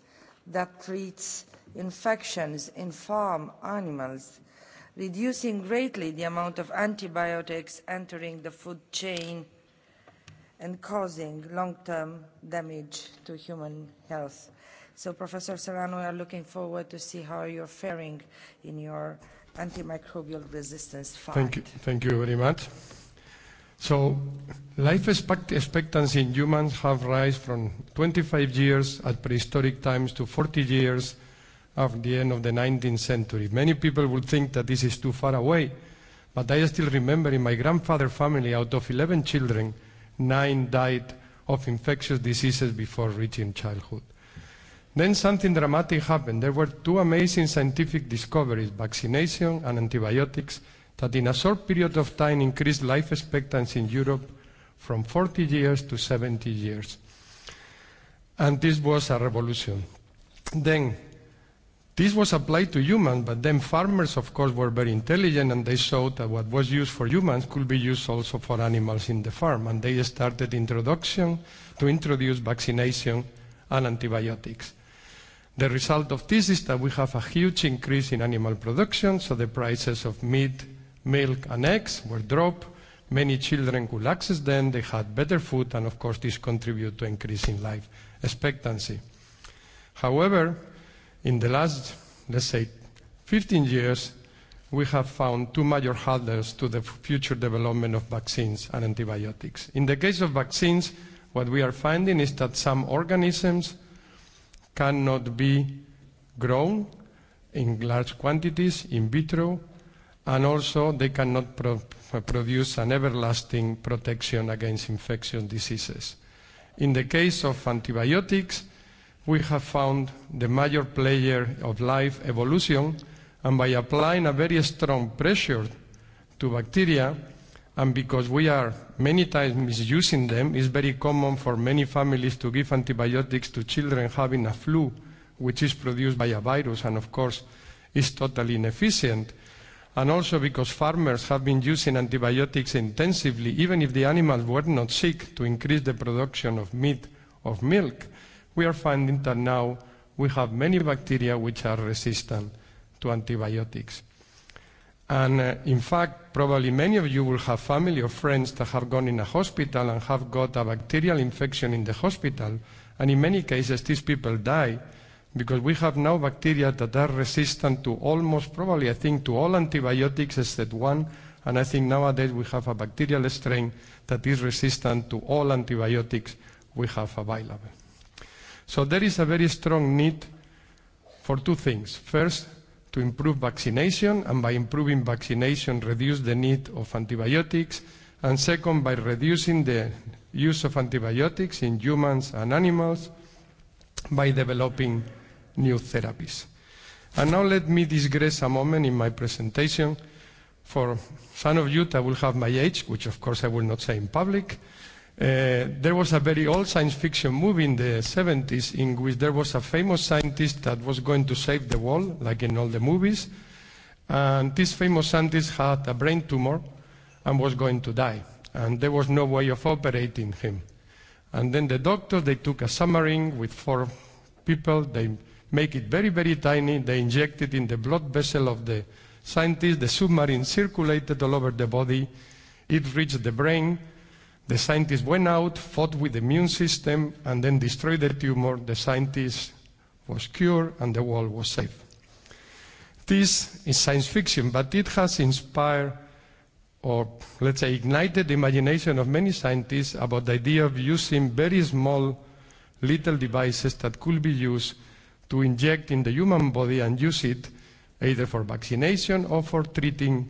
Speaker 1: that treats infections in farm animals reducing greatly the amount of antibiotics entering the food chain and causing long-term damage to human health. So, Professor Serrano, we are looking forward to see how you're faring in your antimicrobial resistance fight. Thank you,
Speaker 9: thank you very much. So, life expectancy in humans have rise from 25 years at prehistoric times to 40 years of the end of the 19th century. Many people would think that this is too far away, but I still remember in my grandfather's family, out of 11 children, nine died of infectious diseases before reaching childhood. Then something dramatic happened. There were two amazing scientific discoveries, vaccination and antibiotics, that in a short period of time increased life expectancy in Europe from 40 years to 70 years. And this was a revolution. Then This was applied to humans, but then farmers, of course, were very intelligent and they saw that what was used for humans could be used also for animals in the farm. And they started introduction to introduce vaccination and antibiotics. The result of this is that we have a huge increase in animal production, so the prices of meat, milk, and eggs were dropped. Many children could access them, they had better food, and of course, this contributed to increasing life expectancy. However, In the last, let's say, 15 years, we have found two major hurdles to the future development of vaccines and antibiotics. In the case of vaccines, what we are finding is that some organisms cannot be grown in large quantities in vitro, and also they cannot pro produce an everlasting protection against infectious diseases. In the case of antibiotics, we have found the major player of life evolution, and by applying a very strong pressure to bacteria, and because we are many times misusing them, it's very common for many families to give antibiotics to children having a flu, which is produced by a virus, and of course, is totally inefficient. And also because farmers have been using antibiotics intensively, even if the animals were not sick, to increase the production of meat, of milk we are finding that now we have many bacteria which are resistant to antibiotics. And uh, in fact, probably many of you will have family or friends that have gone in a hospital and have got a bacterial infection in the hospital. And in many cases, these people die because we have now bacteria that are resistant to almost, probably, I think, to all antibiotics except one. And I think nowadays we have a bacterial strain that is resistant to all antibiotics we have available. So there is a very strong need for two things. First, to improve vaccination, and by improving vaccination, reduce the need of antibiotics. And second, by reducing the use of antibiotics in humans and animals, by developing new therapies. And now let me digress a moment in my presentation. For some of you that will have my age, which of course I will not say in public, Uh, there was a very old science fiction movie in the 70s in which there was a famous scientist that was going to save the world, like in all the movies. And this famous scientist had a brain tumor and was going to die. And there was no way of operating him. And then the doctors, they took a submarine with four people. They make it very, very tiny. They inject it in the blood vessel of the scientist. The submarine circulated all over the body. It reached the brain The scientists went out, fought with the immune system, and then destroyed the tumor. The scientist was cured, and the world was safe. This is science fiction, but it has inspired, or let's say, ignited the imagination of many scientists about the idea of using very small little devices that could be used to inject in the human body and use it either for vaccination or for treating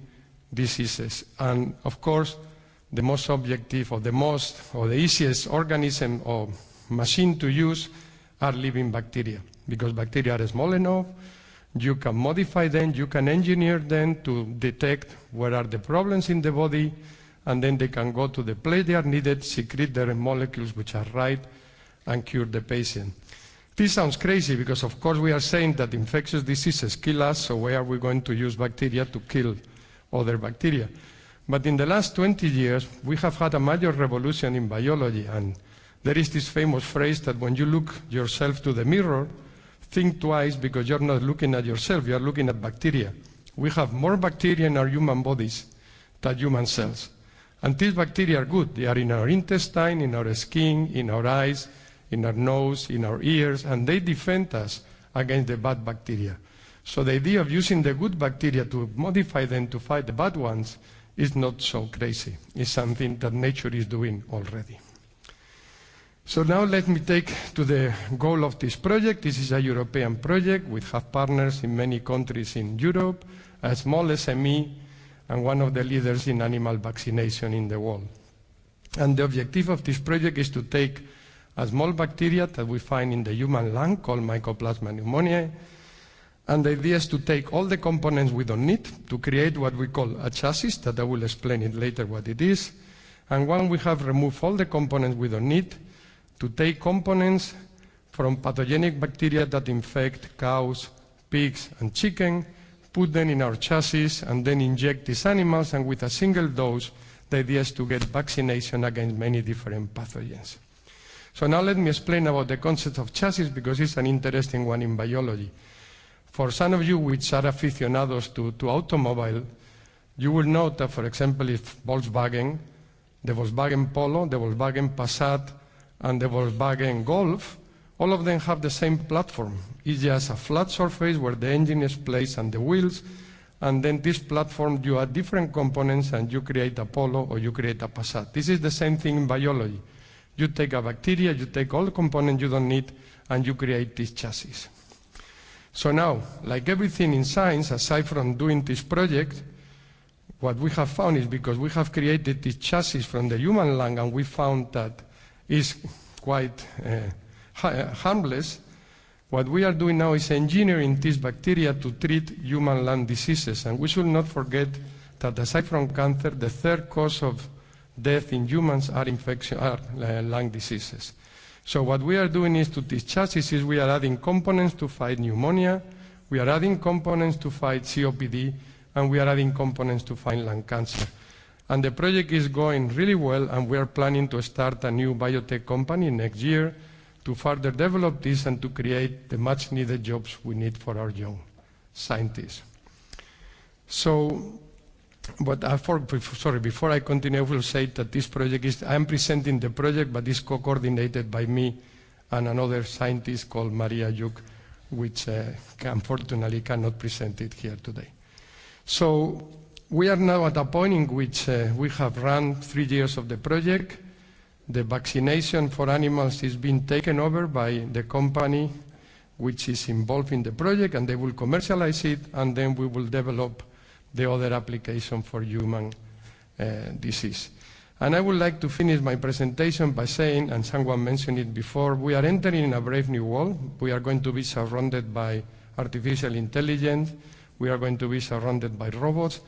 Speaker 9: diseases. And of course, the most objective or the most or the easiest organism or machine to use are living bacteria because bacteria are small enough you can modify them you can engineer them to detect where are the problems in the body and then they can go to the place they are needed secrete their molecules which are right and cure the patient this sounds crazy because of course we are saying that infectious diseases kill us so why are we going to use bacteria to kill other bacteria But in the last 20 years, we have had a major revolution in biology, and there is this famous phrase that when you look yourself to the mirror, think twice because you're not looking at yourself, you're looking at bacteria. We have more bacteria in our human bodies than human cells. And these bacteria are good. They are in our intestine, in our skin, in our eyes, in our nose, in our ears, and they defend us against the bad bacteria. So the idea of using the good bacteria to modify them to fight the bad ones Is not so crazy. It's something that nature is doing already. So now let me take to the goal of this project. This is a European project. We have partners in many countries in Europe, a small SME, and one of the leaders in animal vaccination in the world. And the objective of this project is to take a small bacteria that we find in the human lung called Mycoplasma pneumoniae, And the idea is to take all the components we don't need to create what we call a chassis, that I will explain it later what it is. And when we have removed all the components we don't need, to take components from pathogenic bacteria that infect cows, pigs, and chicken, put them in our chassis, and then inject these animals, and with a single dose, the idea is to get vaccination against many different pathogens. So now let me explain about the concept of chassis, because it's an interesting one in biology. For some of you which are aficionados to, to automobile, you will note that, for example, if Volkswagen, the Volkswagen Polo, the Volkswagen Passat, and the Volkswagen Golf, all of them have the same platform. It's just a flat surface where the engine is placed and the wheels, and then this platform you add different components and you create a Polo or you create a Passat. This is the same thing in biology. You take a bacteria, you take all the components you don't need, and you create these chassis. So now, like everything in science, aside from doing this project, what we have found is because we have created this chassis from the human lung and we found that is quite uh, uh, harmless, what we are doing now is engineering these bacteria to treat human lung diseases. And we should not forget that aside from cancer, the third cause of death in humans are, infection, are uh, lung diseases. So what we are doing is to these chassis is we are adding components to fight pneumonia, we are adding components to fight COPD, and we are adding components to fight lung cancer. And the project is going really well, and we are planning to start a new biotech company next year to further develop this and to create the much needed jobs we need for our young scientists. So But sorry, before I continue, I will say that this project is, I am presenting the project, but it's co-coordinated by me and another scientist called Maria Juk, which uh, unfortunately cannot present it here today. So we are now at a point in which uh, we have run three years of the project. The vaccination for animals is being taken over by the company which is involved in the project, and they will commercialize it, and then we will develop the other application for human uh, disease. And I would like to finish my presentation by saying, and someone mentioned it before, we are entering in a brave new world. We are going to be surrounded by artificial intelligence. We are going to be surrounded by robots.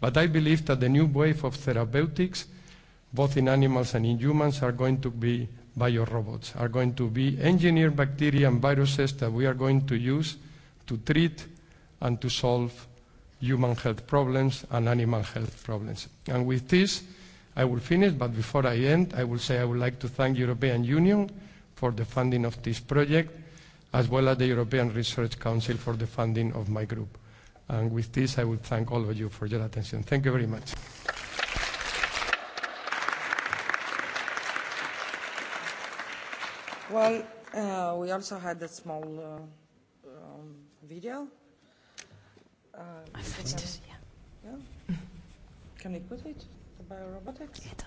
Speaker 9: But I believe that the new wave of therapeutics, both in animals and in humans, are going to be biorobots, are going to be engineered bacteria and viruses that we are going to use to treat and to solve human health problems and animal health problems. And with this, I will finish, but before I end, I will say I would like to thank European Union for the funding of this project, as well as the European Research Council for the funding of my group. And with this, I would thank all of you for your attention. Thank you very much.
Speaker 1: Well, uh, we also had a small uh, um, video. Uh, Astăzi, yeah. yeah. Can we put it? The biorobotics? Yeah, da.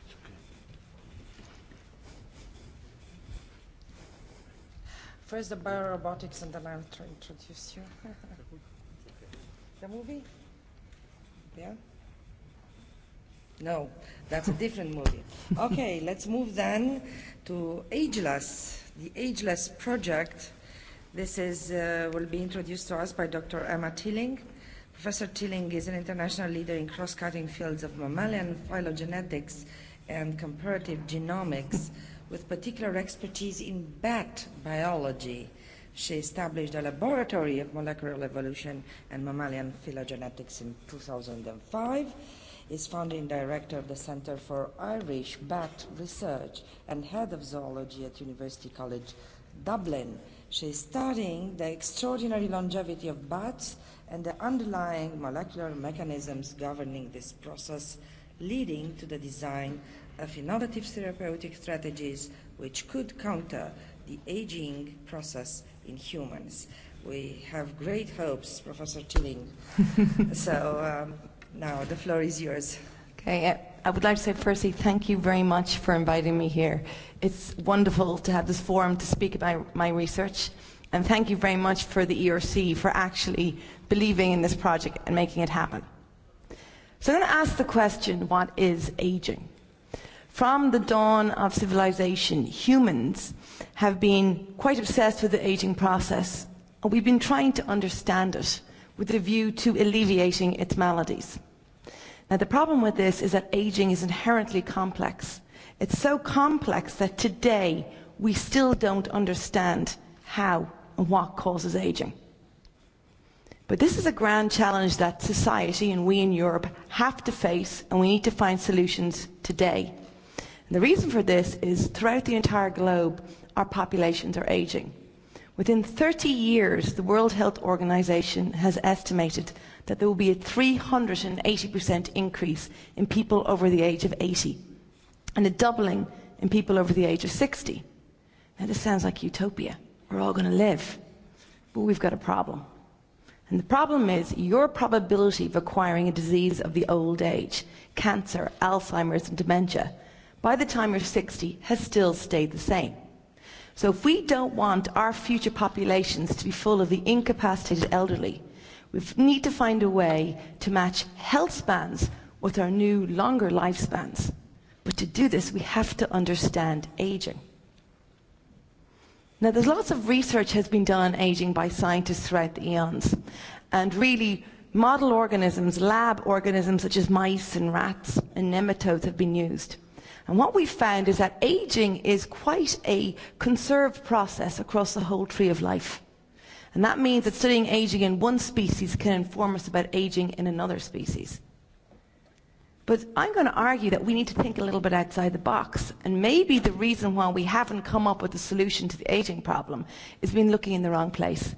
Speaker 1: First the biorobotics and then I'll try to introduce you. the movie? Yeah? No, that's a different movie. Okay, let's move then to Ageless, the Ageless project. This is, uh, will be introduced to us by Dr. Emma Tilling. Professor Tilling is an international leader in cross-cutting fields of mammalian phylogenetics and comparative genomics, with particular expertise in bat biology. She established a laboratory of molecular evolution and mammalian phylogenetics in 2005, is founding director of the Center for Irish Bat Research and head of zoology at University College Dublin. She is studying the extraordinary longevity of bats and the underlying molecular mechanisms governing this process, leading to the design of innovative therapeutic strategies which could counter the aging process in humans. We have great hopes, Professor Chilling. so um, now the floor is
Speaker 10: yours. Okay, I would like to say firstly, thank you very much for inviting me here. It's wonderful to have this forum to speak about my research, and thank you very much for the ERC for actually believing in this project and making it happen. So then ask the question, what is aging? From the dawn of civilization, humans have been quite obsessed with the aging process, and we've been trying to understand it with a view to alleviating its maladies. Now, the problem with this is that aging is inherently complex. It's so complex that today we still don't understand how and what causes aging. But this is a grand challenge that society and we in Europe have to face, and we need to find solutions today. And the reason for this is throughout the entire globe, our populations are aging. Within 30 years, the World Health Organization has estimated that there will be a 380% increase in people over the age of 80 and a doubling in people over the age of 60. Now, this sounds like utopia. We're all going to live. But we've got a problem. And the problem is your probability of acquiring a disease of the old age, cancer, Alzheimer's, and dementia, by the time you're 60 has still stayed the same. So if we don't want our future populations to be full of the incapacitated elderly, we need to find a way to match health spans with our new longer lifespans. But to do this, we have to understand aging. Now, there's lots of research has been done on aging by scientists throughout the eons, and really model organisms, lab organisms such as mice and rats and nematodes have been used. And what we've found is that aging is quite a conserved process across the whole tree of life. And that means that studying aging in one species can inform us about aging in another species. But I'm going to argue that we need to think a little bit outside the box. And maybe the reason why we haven't come up with a solution to the aging problem is been looking in the wrong place.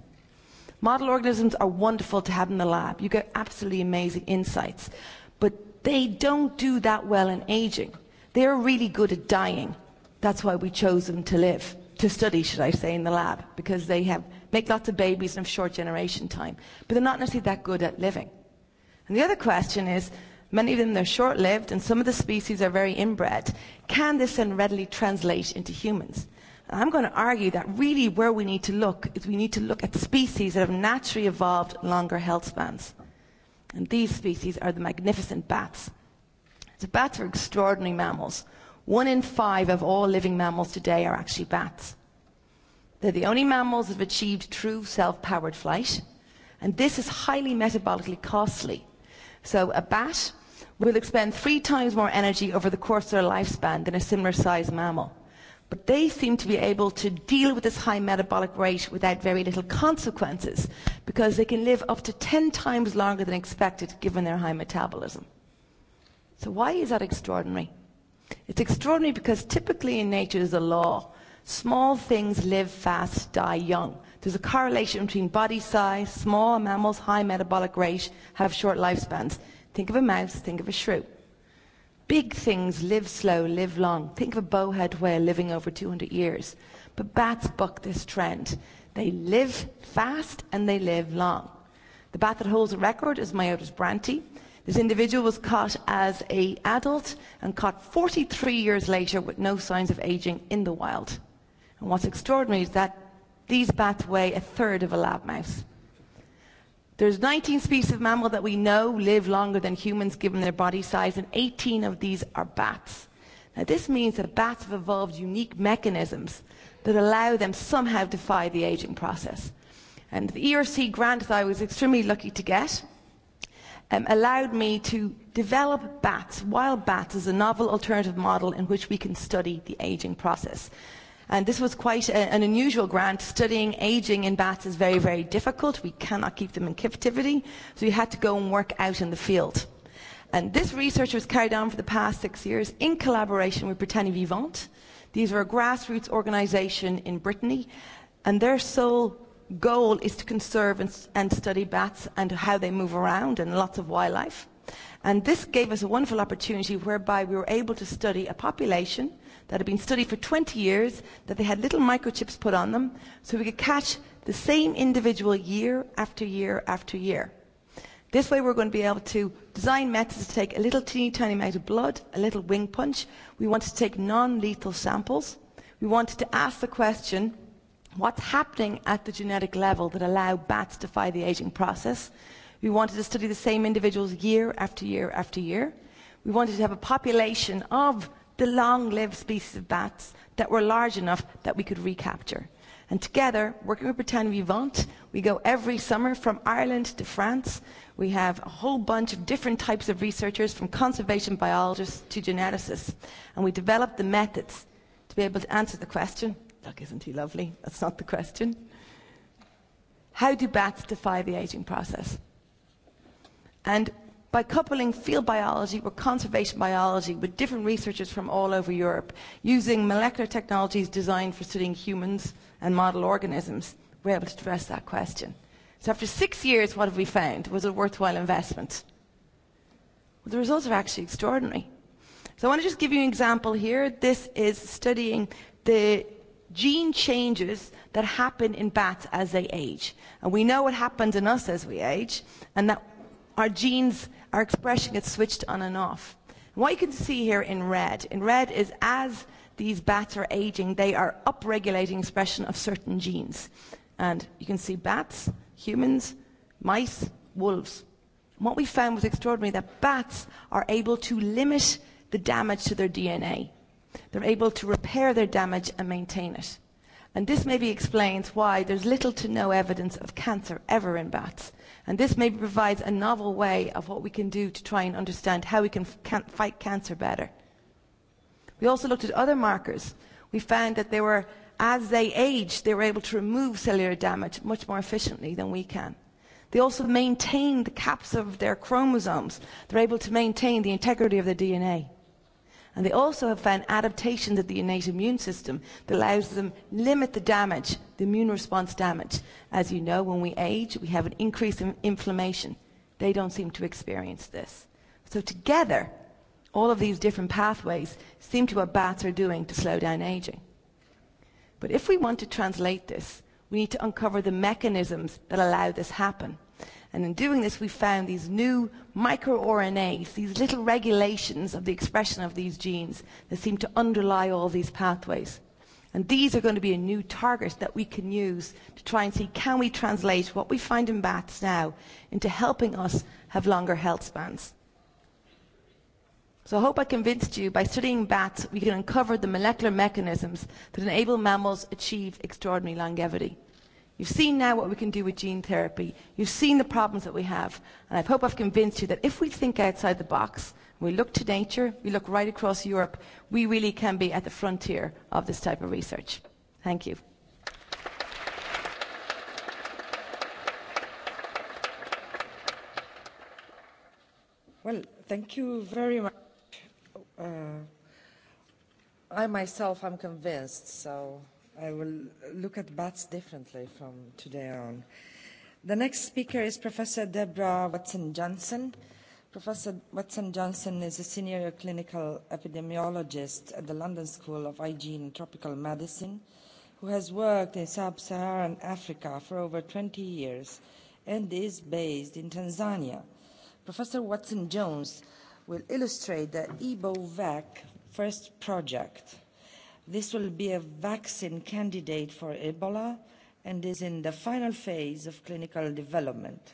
Speaker 10: Model organisms are wonderful to have in the lab. You get absolutely amazing insights. But they don't do that well in aging. They're really good at dying. That's why we chose them to live, to study, should I say, in the lab, because they have, make lots of babies and have short generation time. But they're not necessarily that good at living. And the other question is, Many of them are short-lived and some of the species are very inbred. Can this then readily translate into humans? And I'm going to argue that really where we need to look is we need to look at species that have naturally evolved longer health spans. And these species are the magnificent bats. So bats are extraordinary mammals. One in five of all living mammals today are actually bats. They're the only mammals that have achieved true self-powered flight. And this is highly metabolically costly. So a bat will expend three times more energy over the course of their lifespan than a similar sized mammal. But they seem to be able to deal with this high metabolic rate without very little consequences because they can live up to 10 times longer than expected given their high metabolism. So, why is that extraordinary? It's extraordinary because typically in nature there's a law small things live fast, die young. There's a correlation between body size, small mammals, high metabolic rate, have short lifespans. Think of a mouse, think of a shrew. Big things live slow, live long. Think of a bowhead whale living over 200 years. But bats buck this trend. They live fast and they live long. The bat that holds a record is Myotis branti. This individual was caught as a adult and caught 43 years later with no signs of aging in the wild. And what's extraordinary is that these bats weigh a third of a lab mouse. There's 19 species of mammal that we know live longer than humans given their body size, and 18 of these are bats. Now, this means that bats have evolved unique mechanisms that allow them somehow to defy the aging process. And the ERC grant that I was extremely lucky to get um, allowed me to develop bats, wild bats, as a novel alternative model in which we can study the aging process. And this was quite a, an unusual grant. Studying aging in bats is very, very difficult. We cannot keep them in captivity, so we had to go and work out in the field. And this research was carried on for the past six years in collaboration with Britannia Vivante. These are a grassroots organisation in Brittany, and their sole goal is to conserve and, and study bats and how they move around and lots of wildlife. And this gave us a wonderful opportunity whereby we were able to study a population that had been studied for 20 years that they had little microchips put on them so we could catch the same individual year after year after year. This way we're going to be able to design methods to take a little teeny tiny amount of blood, a little wing punch. We wanted to take non-lethal samples. We wanted to ask the question, what's happening at the genetic level that allow bats to defy the aging process? We wanted to study the same individuals year after year after year. We wanted to have a population of the long lived species of bats that were large enough that we could recapture. And together, working with Britannia Vivant, we go every summer from Ireland to France. We have a whole bunch of different types of researchers, from conservation biologists to geneticists. And we develop the methods to be able to answer the question look, isn't he lovely? That's not the question. How do bats defy the aging process? And By coupling field biology with conservation biology with different researchers from all over Europe, using molecular technologies designed for studying humans and model organisms, we're able to address that question. So after six years, what have we found? Was it a worthwhile investment? Well, the results are actually extraordinary. So I want to just give you an example here. This is studying the gene changes that happen in bats as they age. And we know what happens in us as we age, and that our genes our expression gets switched on and off. what you can see here in red, in red is as these bats are aging, they are upregulating expression of certain genes. And you can see bats, humans, mice, wolves. And what we found was extraordinary that bats are able to limit the damage to their DNA. They're able to repair their damage and maintain it. And this maybe explains why there's little to no evidence of cancer ever in bats. And this maybe provides a novel way of what we can do to try and understand how we can fight cancer better. We also looked at other markers. We found that they were, as they aged, they were able to remove cellular damage much more efficiently than we can. They also maintain the caps of their chromosomes. They're able to maintain the integrity of the DNA. And they also have found adaptations of the innate immune system that allows them limit the damage, the immune response damage. As you know, when we age, we have an increase in inflammation. They don't seem to experience this. So together, all of these different pathways seem to what bats are doing to slow down aging. But if we want to translate this, we need to uncover the mechanisms that allow this happen. And in doing this, we found these new microRNAs, these little regulations of the expression of these genes that seem to underlie all these pathways. And these are going to be a new target that we can use to try and see can we translate what we find in bats now into helping us have longer health spans. So I hope I convinced you by studying bats we can uncover the molecular mechanisms that enable mammals achieve extraordinary longevity. You've seen now what we can do with gene therapy. You've seen the problems that we have. And I hope I've convinced you that if we think outside the box, we look to nature, we look right across Europe, we really can be at the frontier of this type of research. Thank you.
Speaker 1: Well, thank you very much. Uh, I myself am convinced, so I will look at bats differently from today on. The next speaker is Professor Deborah Watson-Johnson. Professor Watson-Johnson is a senior clinical epidemiologist at the London School of Hygiene and Tropical Medicine, who has worked in sub-Saharan Africa for over 20 years and is based in Tanzania. Professor Watson-Jones will illustrate the EBOVAC first project. This will be a vaccine candidate for Ebola and is in the final phase of clinical development.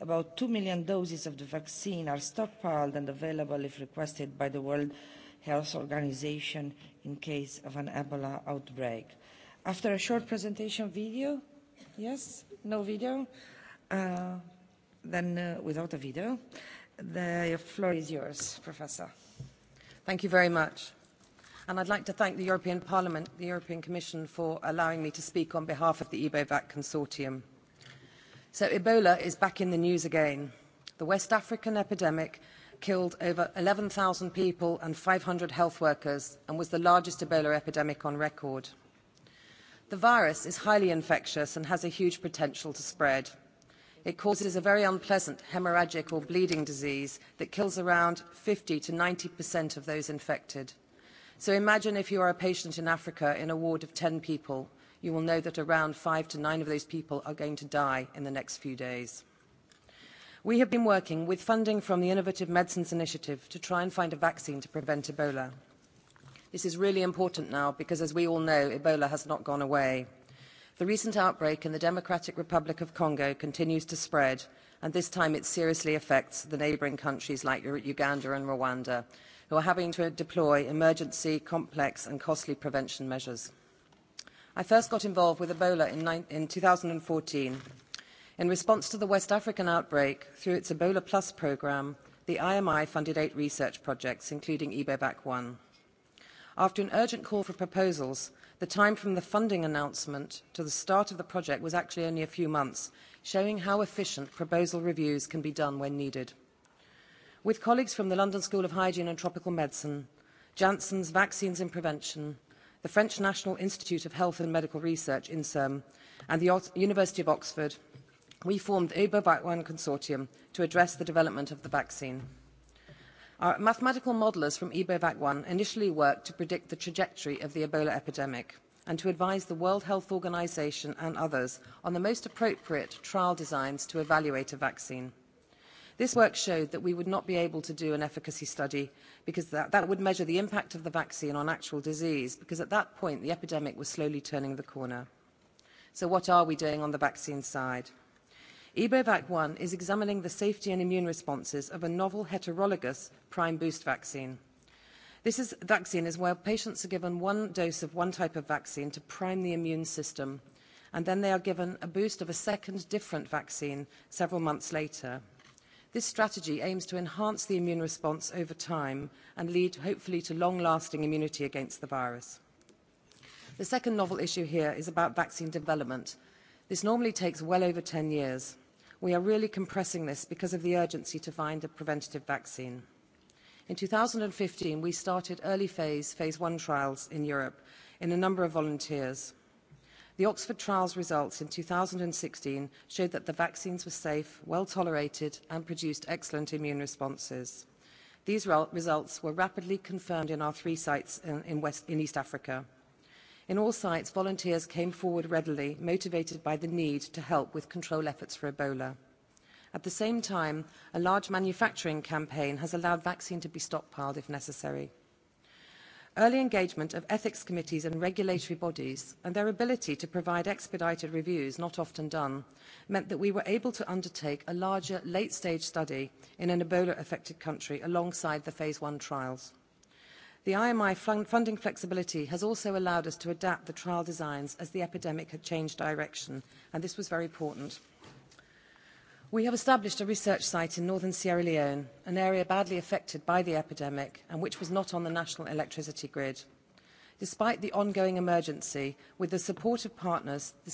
Speaker 1: About 2 million doses of the vaccine are stockpiled and available if requested by the World Health Organization in case of an Ebola outbreak. After a short presentation video, yes, no video, uh, then uh,
Speaker 11: without a video, the floor is yours, Professor. Thank you very much. And I'd like to thank the European Parliament, the European Commission for allowing me to speak on behalf of the EBOVAC Consortium. So Ebola is back in the news again. The West African epidemic killed over 11,000 people and 500 health workers and was the largest Ebola epidemic on record. The virus is highly infectious and has a huge potential to spread. It causes a very unpleasant hemorrhagic or bleeding disease that kills around 50 to 90% of those infected. So imagine if you are a patient in Africa in a ward of 10 people, you will know that around five to nine of those people are going to die in the next few days. We have been working with funding from the Innovative Medicines Initiative to try and find a vaccine to prevent Ebola. This is really important now because, as we all know, Ebola has not gone away. The recent outbreak in the Democratic Republic of Congo continues to spread, and this time it seriously affects the neighboring countries like Uganda and Rwanda who are having to deploy emergency, complex and costly prevention measures. I first got involved with Ebola in, in 2014. In response to the West African outbreak, through its Ebola Plus programme, the IMI funded eight research projects, including EBEBAC 1. After an urgent call for proposals, the time from the funding announcement to the start of the project was actually only a few months, showing how efficient proposal reviews can be done when needed with colleagues from the London School of Hygiene and Tropical Medicine, Janssen's Vaccines and Prevention, the French National Institute of Health and Medical Research, INSERM, and the o University of Oxford, we formed the Obervac1 consortium to address the development of the vaccine. Our mathematical modellers from EBOVAC1 initially worked to predict the trajectory of the Ebola epidemic and to advise the World Health Organization and others on the most appropriate trial designs to evaluate a vaccine. This work showed that we would not be able to do an efficacy study because that, that would measure the impact of the vaccine on actual disease because at that point the epidemic was slowly turning the corner. So what are we doing on the vaccine side? EBOVAC1 is examining the safety and immune responses of a novel heterologous prime boost vaccine. This is, vaccine is where patients are given one dose of one type of vaccine to prime the immune system, and then they are given a boost of a second different vaccine several months later. This strategy aims to enhance the immune response over time and lead, hopefully, to long-lasting immunity against the virus. The second novel issue here is about vaccine development. This normally takes well over 10 years. We are really compressing this because of the urgency to find a preventative vaccine. In 2015, we started early phase, phase one trials in Europe in a number of volunteers. The Oxford trials results in 2016 showed that the vaccines were safe, well tolerated and produced excellent immune responses. These results were rapidly confirmed in our three sites in, West, in East Africa. In all sites, volunteers came forward readily, motivated by the need to help with control efforts for Ebola. At the same time, a large manufacturing campaign has allowed vaccine to be stockpiled if necessary early engagement of ethics committees and regulatory bodies, and their ability to provide expedited reviews not often done, meant that we were able to undertake a larger late-stage study in an Ebola-affected country alongside the phase one trials. The IMI funding flexibility has also allowed us to adapt the trial designs as the epidemic had changed direction, and this was very important. We have established a research site in northern Sierra Leone, an area badly affected by the epidemic and which was not on the national electricity grid. Despite the ongoing emergency, with the support of partners, the